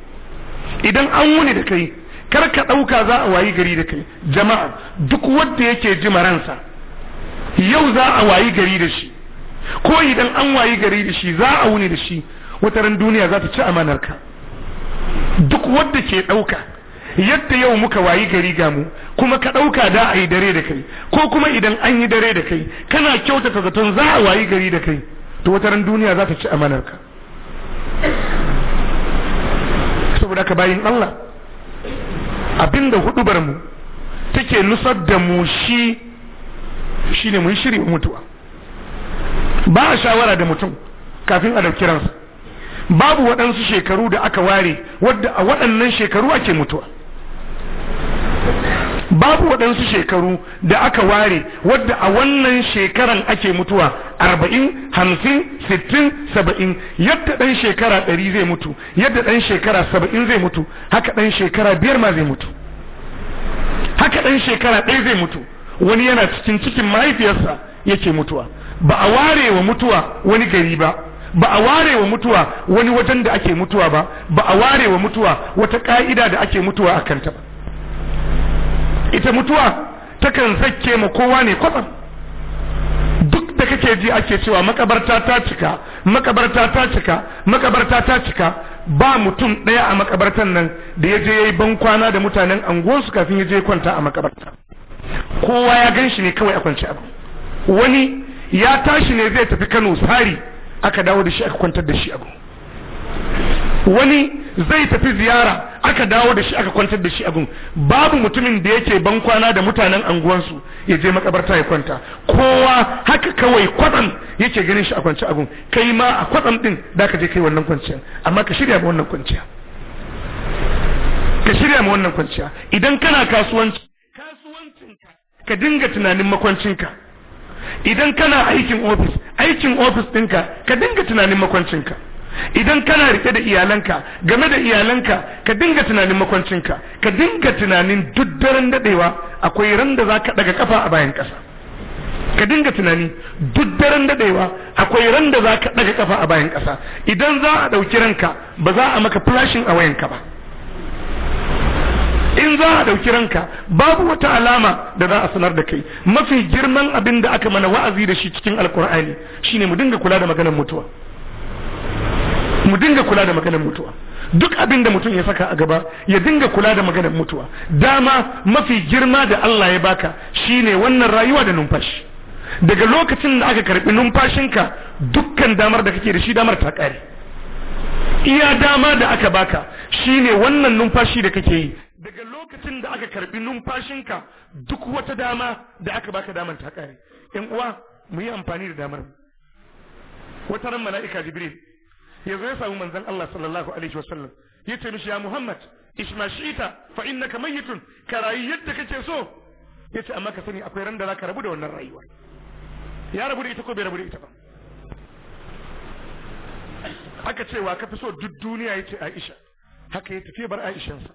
Speaker 2: idan an wuni da kai kar ka ɗauka za a wayi gari da kai jama'a duk wanda yake ji maransa yau za a wayi gari da shi ko idan an wayi gari da shi za a wuni da shi wata ran duniya za ta ci amanarka duk wadda ke ɗauka yadda yau muka wayi gari ga mu kuma ka ɗauka da a yi dare da kai ko kuma idan an yi dare da kai kana kyautata zaton za a wayi gari da kai to wata duniya za ta ci amanarka saboda ka bayin Allah abinda hudubar mu take nusar da mu shi shine mun shirya mutuwa ba a shawara da mutum kafin a ɗauki ransa babu waɗansu shekaru da aka ware wadda a waɗannan shekaru ake mutuwa babu waɗansu shekaru da aka ware wadda a wannan shekaran ake mutuwa arba'in hamsin sittin saba'in yadda ɗan shekara ɗari zai mutu yadda ɗan shekara saba'in zai mutu haka ɗan shekara biyar ma zai mutu haka ɗan shekara ɗaya zai mutu wani yana cikin cikin mahaifiyarsa yake mutuwa ba a ware wa mutuwa wani gari ba ba a ware wa mutuwa wani wajen da ake mutuwa ba ba a ware wa mutuwa wata ka'ida da ake mutuwa a kanta ba ita mutuwa takan zakke ma kowa ne kwatsam duk da kake ji ake cewa makabarta ta cika makabarta ta cika makabarta ta cika ba mutum ɗaya a makabartan nan da ya je ya yi bankwana da mutanen unguwarsu kafin ya je kwanta a makabarta kowa ya gan shi ne kawai a kwance abu wani ya tashi ne zai tafi Kano sari aka dawo da shi aka kwantar da shi abu wani zai tafi ziyara aka dawo da shi aka kwantar da shi gun. babu mutumin da yake bankwana da mutanen anguwansu ya je makabarta ya kwanta kowa haka kawai kwatsam yake ganin shi a kwanci abin kai ma a kwatsam din da ka je kai wannan kwanciya amma ka shirya ma wannan kwanciya ka shirya ma wannan kwanciya idan kana kasuwanci kasuwancinka ka dinga tunanin makwancinka idan kana aikin ofis aikin ofis ɗinka ka dinga tunanin makwancinka idan kana rike da iyalanka game da iyalanka ka dinga tunanin makwancinka ka dinga tunanin duk daren dadewa akwai ran da za ka daga kafa a bayan ƙasa ka dinga tunani duk daren dadewa akwai ran da za ka daga kafa a bayan ƙasa idan za a ɗauki ranka ba za a maka flashing a wayanka ba in za a ɗauki ranka babu wata alama da za a sanar da kai mafi girman abin da aka mana wa'azi da shi cikin alkur'ani shine mu dinga kula da maganar mutuwa mu dinga kula da maganar mutuwa duk abin da mutum ya saka a gaba ya dinga kula da maganar mutuwa dama mafi girma da Allah ya baka shine wannan rayuwa da numfashi daga lokacin da aka karbi numfashinka dukkan damar da kake da shi damar ta kare iya dama da aka baka shine wannan numfashi da kake yi daga lokacin da aka karbi numfashinka duk wata dama da aka baka damar ta kare yan uwa mu yi amfani da damar wata ran mala'ika jibril ya zo ya samu manzon Allah sallallahu alaihi wasallam ya ce mishi ya Muhammad ishma shi'ita fa innaka mayyitun ka rayu yadda kake so ya ce amma ka sani akwai ran da zaka rabu da wannan rayuwa ya rabu da ita ko bai rabu da ita ba aka ce wa ka fi so duk duniya ya ce Aisha haka ya tafi bar Aishansa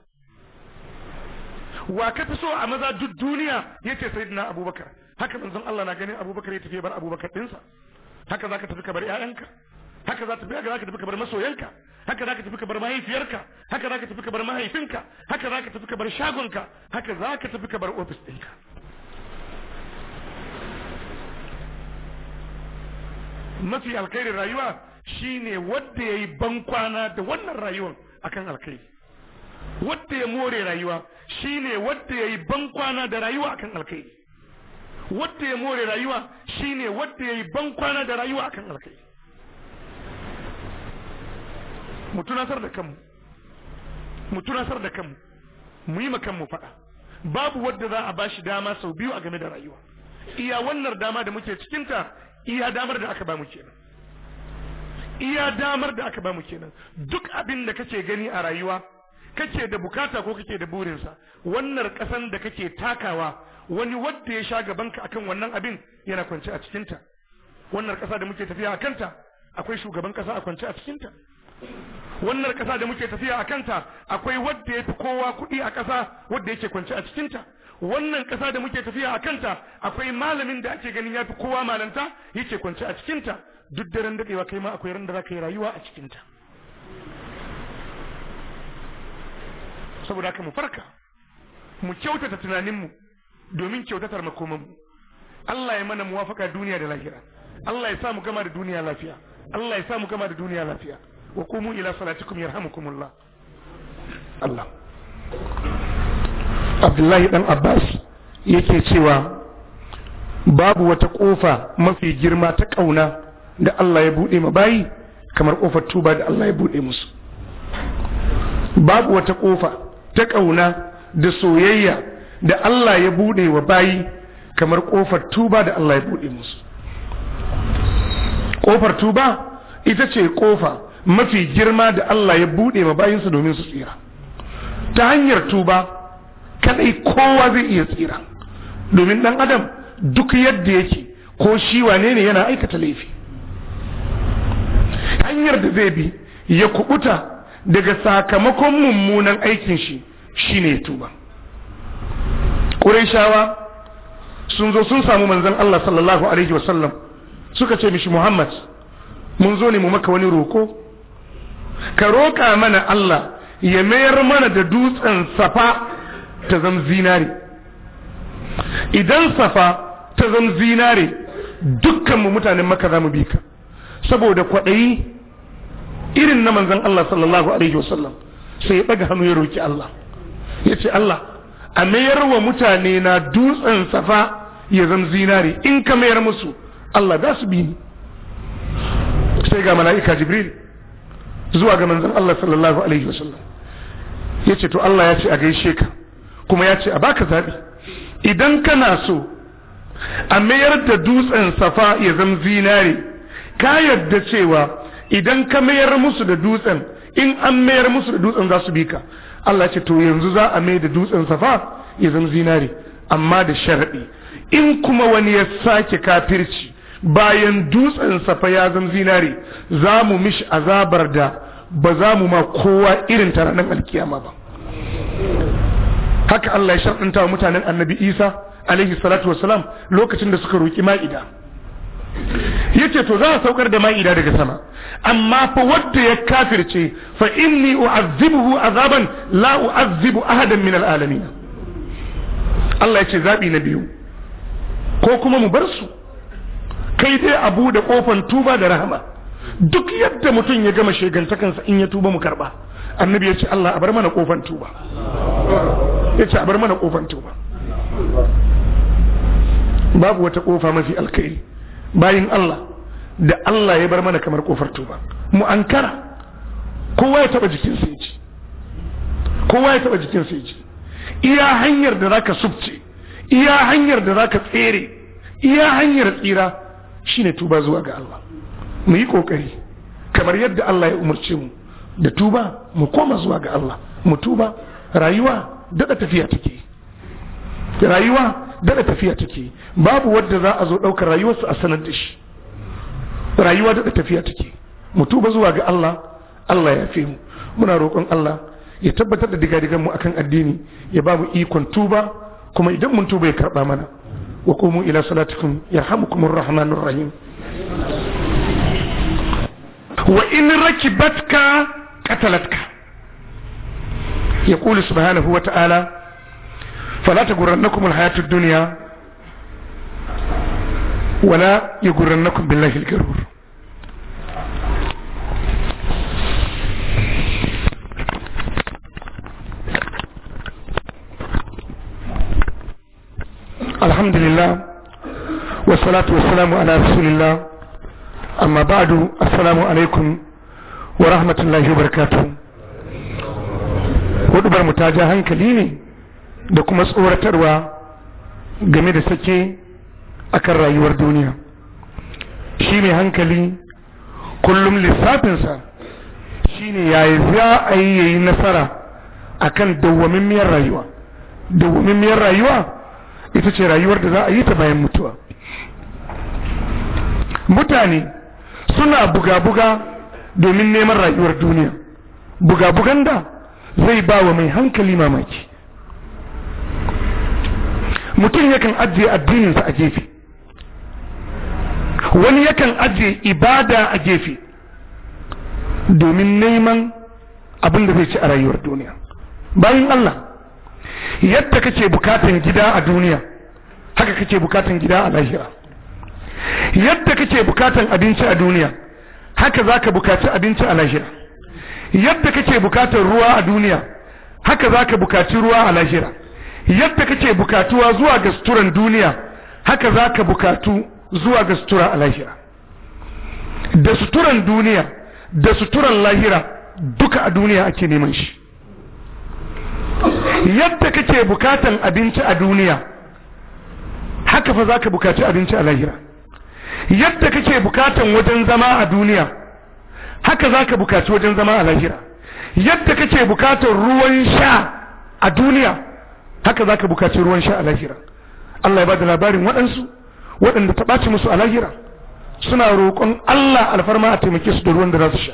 Speaker 2: wa ka fi so a maza duk duniya ya yace sayyidina abubakar haka manzon Allah na ganin abubakar ya tafi bar abubakar ɗinsa. haka za ka tafi ka bar 'ya'yanka. haka za ka tafi ka bar masoyanka haka za ka tafi ka bar mahaifiyarka haka za ka tafi ka bar mahaifinka haka za ka tafi ka bar shagonka haka za ka tafi ka bar ofis ɗinka mafi alkhairin rayuwa shine wanda ya yi bankwana da wannan rayuwar akan alkhairi wanda ya more rayuwa Shi ne wadda ya yi bankwana da rayuwa akan alkhairi wadda ya more rayuwa shi ne wadda ya yi bankwana da rayuwa akan alkhairi mu tunasar da kanmu mu tunasar da kanmu mu yi makanmu faɗa babu wadda za a bashi dama sau biyu a game da rayuwa iya wannan dama da muke cikinta iya damar da aka ba mu kenan iya damar da aka ba mu kenan duk abin da kake gani a rayuwa kake da bukata ko kake da burinsa wannan kasan da kake takawa wani wanda ya sha gabanka akan wannan abin yana kwance a cikinta wannan kasa da muke tafiya a kanta akwai shugaban kasa a kwance a cikinta wannan kasa da muke tafiya a kanta akwai wanda ya fi kowa kuɗi a kasa wanda yake kwance a cikinta wannan kasa da muke tafiya a kanta akwai malamin da ake ganin ya fi kowa malanta yake kwance a cikinta duk daren daɗewa kai ma akwai ran da za ka yi rayuwa a cikinta saboda haka mu farka mu kyautata tunaninmu domin kyautatar makomanmu Allah ya mana muwafaka duniya da lahira Allah ya sa mu gama da duniya lafiya Allah ya sa mu gama da duniya lafiya wa kumu ila salatikum yarhamukumullah Allah Abdullahi dan Abbas yake cewa babu wata kofa mafi girma ta kauna da Allah ya bude ma bayi kamar kofar tuba da Allah ya bude musu babu wata kofa ta ƙauna da soyayya da Allah ya buɗe wa bayi kamar ƙofar tuba da Allah ya buɗe musu ƙofar tuba ita ce ƙofa mafi girma da Allah ya buɗe wa bayinsa domin su tsira ta hanyar tuba kadai kowa zai iya tsira domin ɗan adam duk yadda yake ko shi wane ne yana aikata laifi hanyar da zai bi ya kuɓuta daga sakamakon mummunan aikin shi shi ne tuba ƙuraishawa sun zo sun samu manzan Allah sallallahu alaihi wasallam suka ce mishi Muhammad mun zo ne mu maka wani roko ka roƙa mana Allah ya mayar mana da dutsen safa ta zam zinare idan safa ta zam zinare dukkanmu mutanen maka za mu bi ka saboda kwaɗayi irin na manzan Allah sallallahu alaihi wasallam sai ya ɗaga hannu ya roƙi Allah ya ce Allah a mayar wa mutane na dutsen safa ya zama zinare in ka mayar musu Allah za su bi ni sai ga mala'ika jibril zuwa ga manzon Allah sallallahu alaihi wasallam ya ce to Allah ya ce a gaishe ka kuma ya ce a baka zaɓi idan kana so a mayar da dutsen safa ya zama zinare ka yadda cewa idan ka mayar musu da dutsen in an mayar musu da dutsen za su bi ka Allah ce to yanzu za a mai da dutsen safa ya zama zinari amma da sharaɗi in kuma wani ya sake kafirci bayan dutsen safa ya zama zinari za mu mishi azabar da ba za mu ma kowa irin ta ranar alkiyama ba haka Allah ya sharɗanta wa mutanen annabi Isa alaihi salatu salam lokacin da suka roƙi ma'ida yace to za a saukar da ma'ida daga sama amma fa wanda ya kafirce fa inni u'azzibuhu azaban la u'azzibu ahadan min alalamin Allah yace zabi na biyu ko kuma mu bar su kai dai abu da kofan tuba da rahama duk yadda mutum ya gama shegantakansa in ya tuba mu karba annabi yace Allah a bar mana kofan tuba yace a bar mana kofan tuba babu wata kofa mafi alkhairi bayin Allah da Allah ya bar mana kamar kofar tuba mu ankara kowa ya taba jikin sai ci, kowa ya taba jikin sai ci, iya hanyar da zaka subce iya hanyar da zaka tsere iya hanyar tsira shine tuba zuwa ga Allah mu yi kokari kamar yadda Allah ya umarce mu da tuba mu koma zuwa ga Allah mu tuba rayuwa daɗa tafiya take rayuwa daɗa tafiya take babu wadda za a zo ɗaukar rayuwarsu a sanar da shi rayuwa daɗa tafiya take mu tuba zuwa ga Allah Allah ya fi mu muna roƙon Allah ya tabbatar da digadigan mu akan addini ya ba mu ikon tuba kuma idan mun tuba ya karɓa mana wa qumu ila salatikum yarhamukumur rahmanur rahim wa in rakibatka qatalatka يقول wa ta'ala. فلا تغرنكم الحياة الدنيا ولا يغرنكم بالله الغرور الحمد لله والصلاة والسلام على رسول الله أما بعد السلام عليكم ورحمة الله وبركاته ودبر متاجه هنكليني da kuma tsoratarwa game da sake akan rayuwar duniya shi ne hankali kullum lissafinsa shi shine yayi za a yi yayi nasara a akan dawwamimmiyar rayuwa dawwamimmiyar rayuwa ita ce rayuwar da za a yi ta bayan mutuwa mutane suna buga-buga domin neman rayuwar duniya buga-bugan da zai ba wa mai hankali mamaki mutum yakan ajiye addininsa a gefe wani yakan ajiye ibada a gefe domin neman abin da zai ci a rayuwar duniya bayan Allah yadda kake bukatan gida a duniya haka kake bukatan gida a lahira yadda kake bukatan abinci a duniya haka za ka bukaci abinci a lahira yadda kake bukatan ruwa a duniya haka za ka bukaci ruwa a lahira yadda kake bukatuwa zuwa ga suturan duniya haka za ka bukatu zuwa ga sutura a lahira da suturan duniya da suturan lahira duka a duniya ake neman shi yadda kake bukatan abinci a duniya haka fa za ka bukaci abinci a lahira yadda kake bukatan wajen zama a duniya haka za ka bukaci wajen zama a lahira yadda kake bukatan ruwan sha a duniya haka zaka bukaci ruwan sha a lahira Allah ya da labarin waɗansu waɗanda ta ɓaci musu a lahira suna roƙon Allah alfarma a taimake su da ruwan da za su sha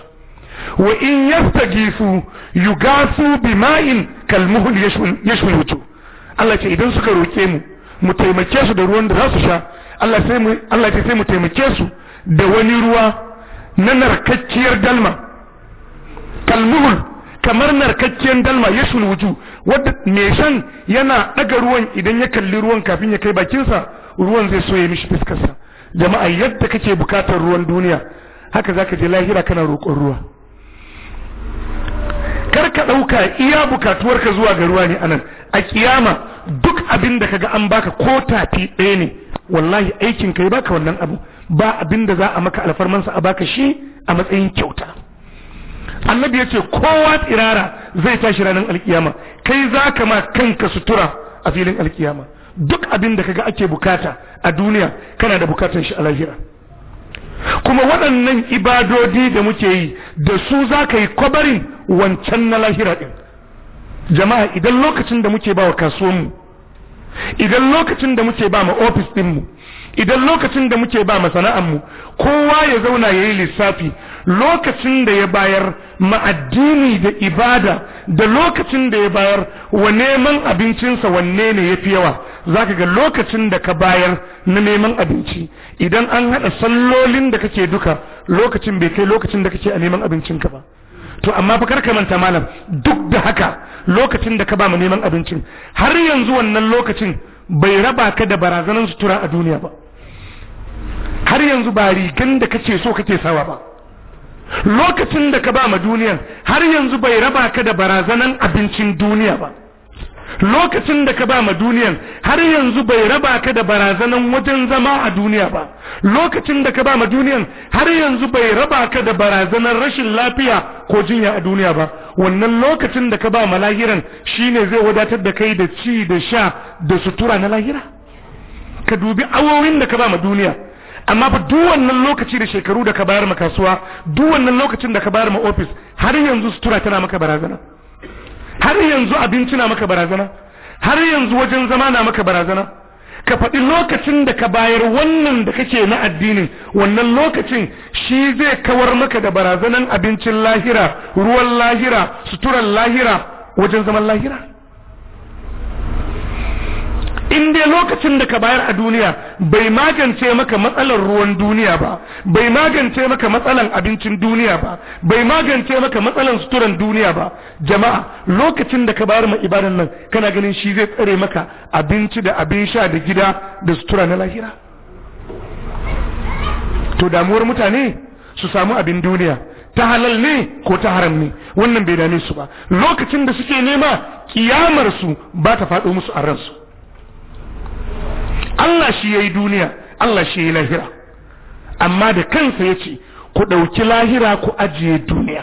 Speaker 2: wa in yastagisu yugasu bima'in kalmuhul yashmil wujuh Allah ce idan suka roƙe mu mu taimake su da ruwan da za su sha Allah Allah ce sai mu taimake su da wani ruwa na narkakkiyar dalma kalmuhul kamar narkakken dalma ya shulwuju wadda me shan yana ɗaga ruwan idan ya kalli ruwan kafin ya kai bakinsa ruwan zai soye mishi fiskarsa jama'a yadda kake bukatar ruwan duniya haka zaka je lahira kana roƙon ruwa kar ka ɗauka iya bukatuwar ka zuwa ga ruwa ne anan a kiyama duk abin da ga an baka ko tafi ɗaya ne wallahi aikin kai baka wannan abu ba abin da za a maka alfarmansa a baka shi a matsayin kyauta annabi ya ce kowa tsirara zai tashi ranar alkiyama kai zaka ka ma kanka sutura a filin alkiyama duk abin da kaga ake bukata a duniya kana da bukatar shi a lahira kuma waɗannan ibadodi da muke yi da su za ka yi kwabarin wancan na lahira ɗin jama'a idan lokacin da muke ba wa kasuwanmu idan lokacin da muke ba ma ofis ɗinmu idan lokacin da muke ba masana'anmu kowa ya zauna ya yi lissafi lokacin da ya bayar ma'addini da ibada da lokacin da ya bayar wa neman abincinsa wanne ne ya fi yawa za ka ga lokacin da ka bayar na neman abinci idan an haɗa sallolin da kake duka lokacin bai kai lokacin da kake a neman abincinka ba to amma fa karka manta malam duk da haka lokacin da ka ba mu neman abincin har yanzu wannan lokacin bai raba ka da barazanar sutura a duniya ba har yanzu ba rigan da kace so kake sawa ba lokacin da ka ba ma duniyan har yanzu bai raba ka da barazanan abincin duniya ba lokacin da ka ba ma duniyan har yanzu bai raba ka da barazanan wajen zama a duniya ba lokacin da ka ba ma duniyan har yanzu bai raba ka da barazanan rashin lafiya ko jinya a duniya ba wannan lokacin da ka ba ma lahiran shine zai wadatar da kai da ci da sha da sutura na lahira ka dubi awowin da ka ba ma duniya amma ba duk wannan lokaci da shekaru da ka bayar ma kasuwa duk wannan lokacin da ka bayar ma ofis har yanzu sutura tana maka barazana har yanzu abinci na maka barazana har yanzu wajen zama na maka barazana ka faɗi lokacin da ka bayar wannan da kake na addinin wannan lokacin shi zai kawar maka da barazanan abincin lahira ruwan lahira suturan lahira wajen zaman lahira in dai lokacin da ka bayar a duniya bai magance maka matsalar ruwan duniya ba bai magance maka matsalar abincin duniya ba bai magance maka matsalar suturan duniya ba jama'a lokacin da ka bayar ma ibadan nan kana ganin shi zai tsare maka abinci da abin sha da gida da sutura na lahira to damuwar mutane su samu abin duniya ta halal ne ko ta haram ne wannan bai dame su ba lokacin da suke nema kiyamar su ba ta faɗo musu a ransu Allah shi ya yi duniya Allah shi yi lahira amma da kansa ya ce ku ɗauki lahira ku ajiye duniya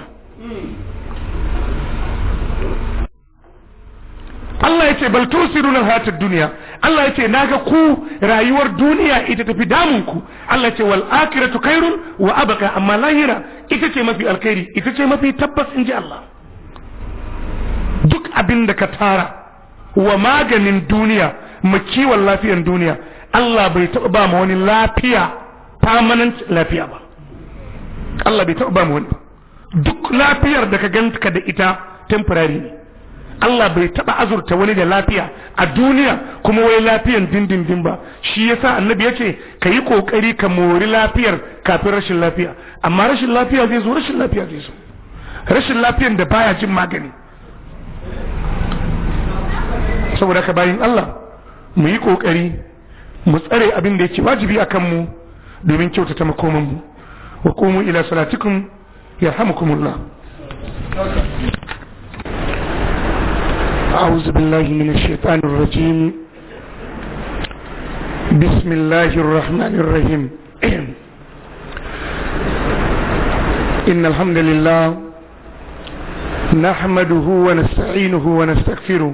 Speaker 2: Allah ya ce bal na hatar duniya Allah ya ce ga ku rayuwar duniya ita tafi damun ku Allah ya ce wal akhiratu kairun wa abaka amma lahira ita ce mafi alkhairi ita ce mafi tabbas in ji Allah duk abin da ka tara wa maganin duniya mu kiwon lafiyar duniya Allah bai taɓa ba mu wani lafiya permanent lafiya ba Allah bai taɓa ba mu wani duk lafiyar da ka ganta da ita temporary ne Allah bai taɓa azurta wani da lafiya a duniya kuma wai lafiyan dindindin ba shi yasa annabi yace ka yi kokari ka mori lafiyar kafin rashin lafiya amma rashin lafiya zai zo rashin lafiya zai zo rashin lafiyan da baya jin magani saboda ka bayin Allah mu yi ƙoƙari mu tsare abin da yake wajibi a kanmu domin kyautata makomanmu wa komu ila salatikum yarhamukumullah أعوذ بالله من الشيطان الرجيم بسم الله الرحمن الرحيم إن الحمد لله نحمده ونستعينه ونستغفره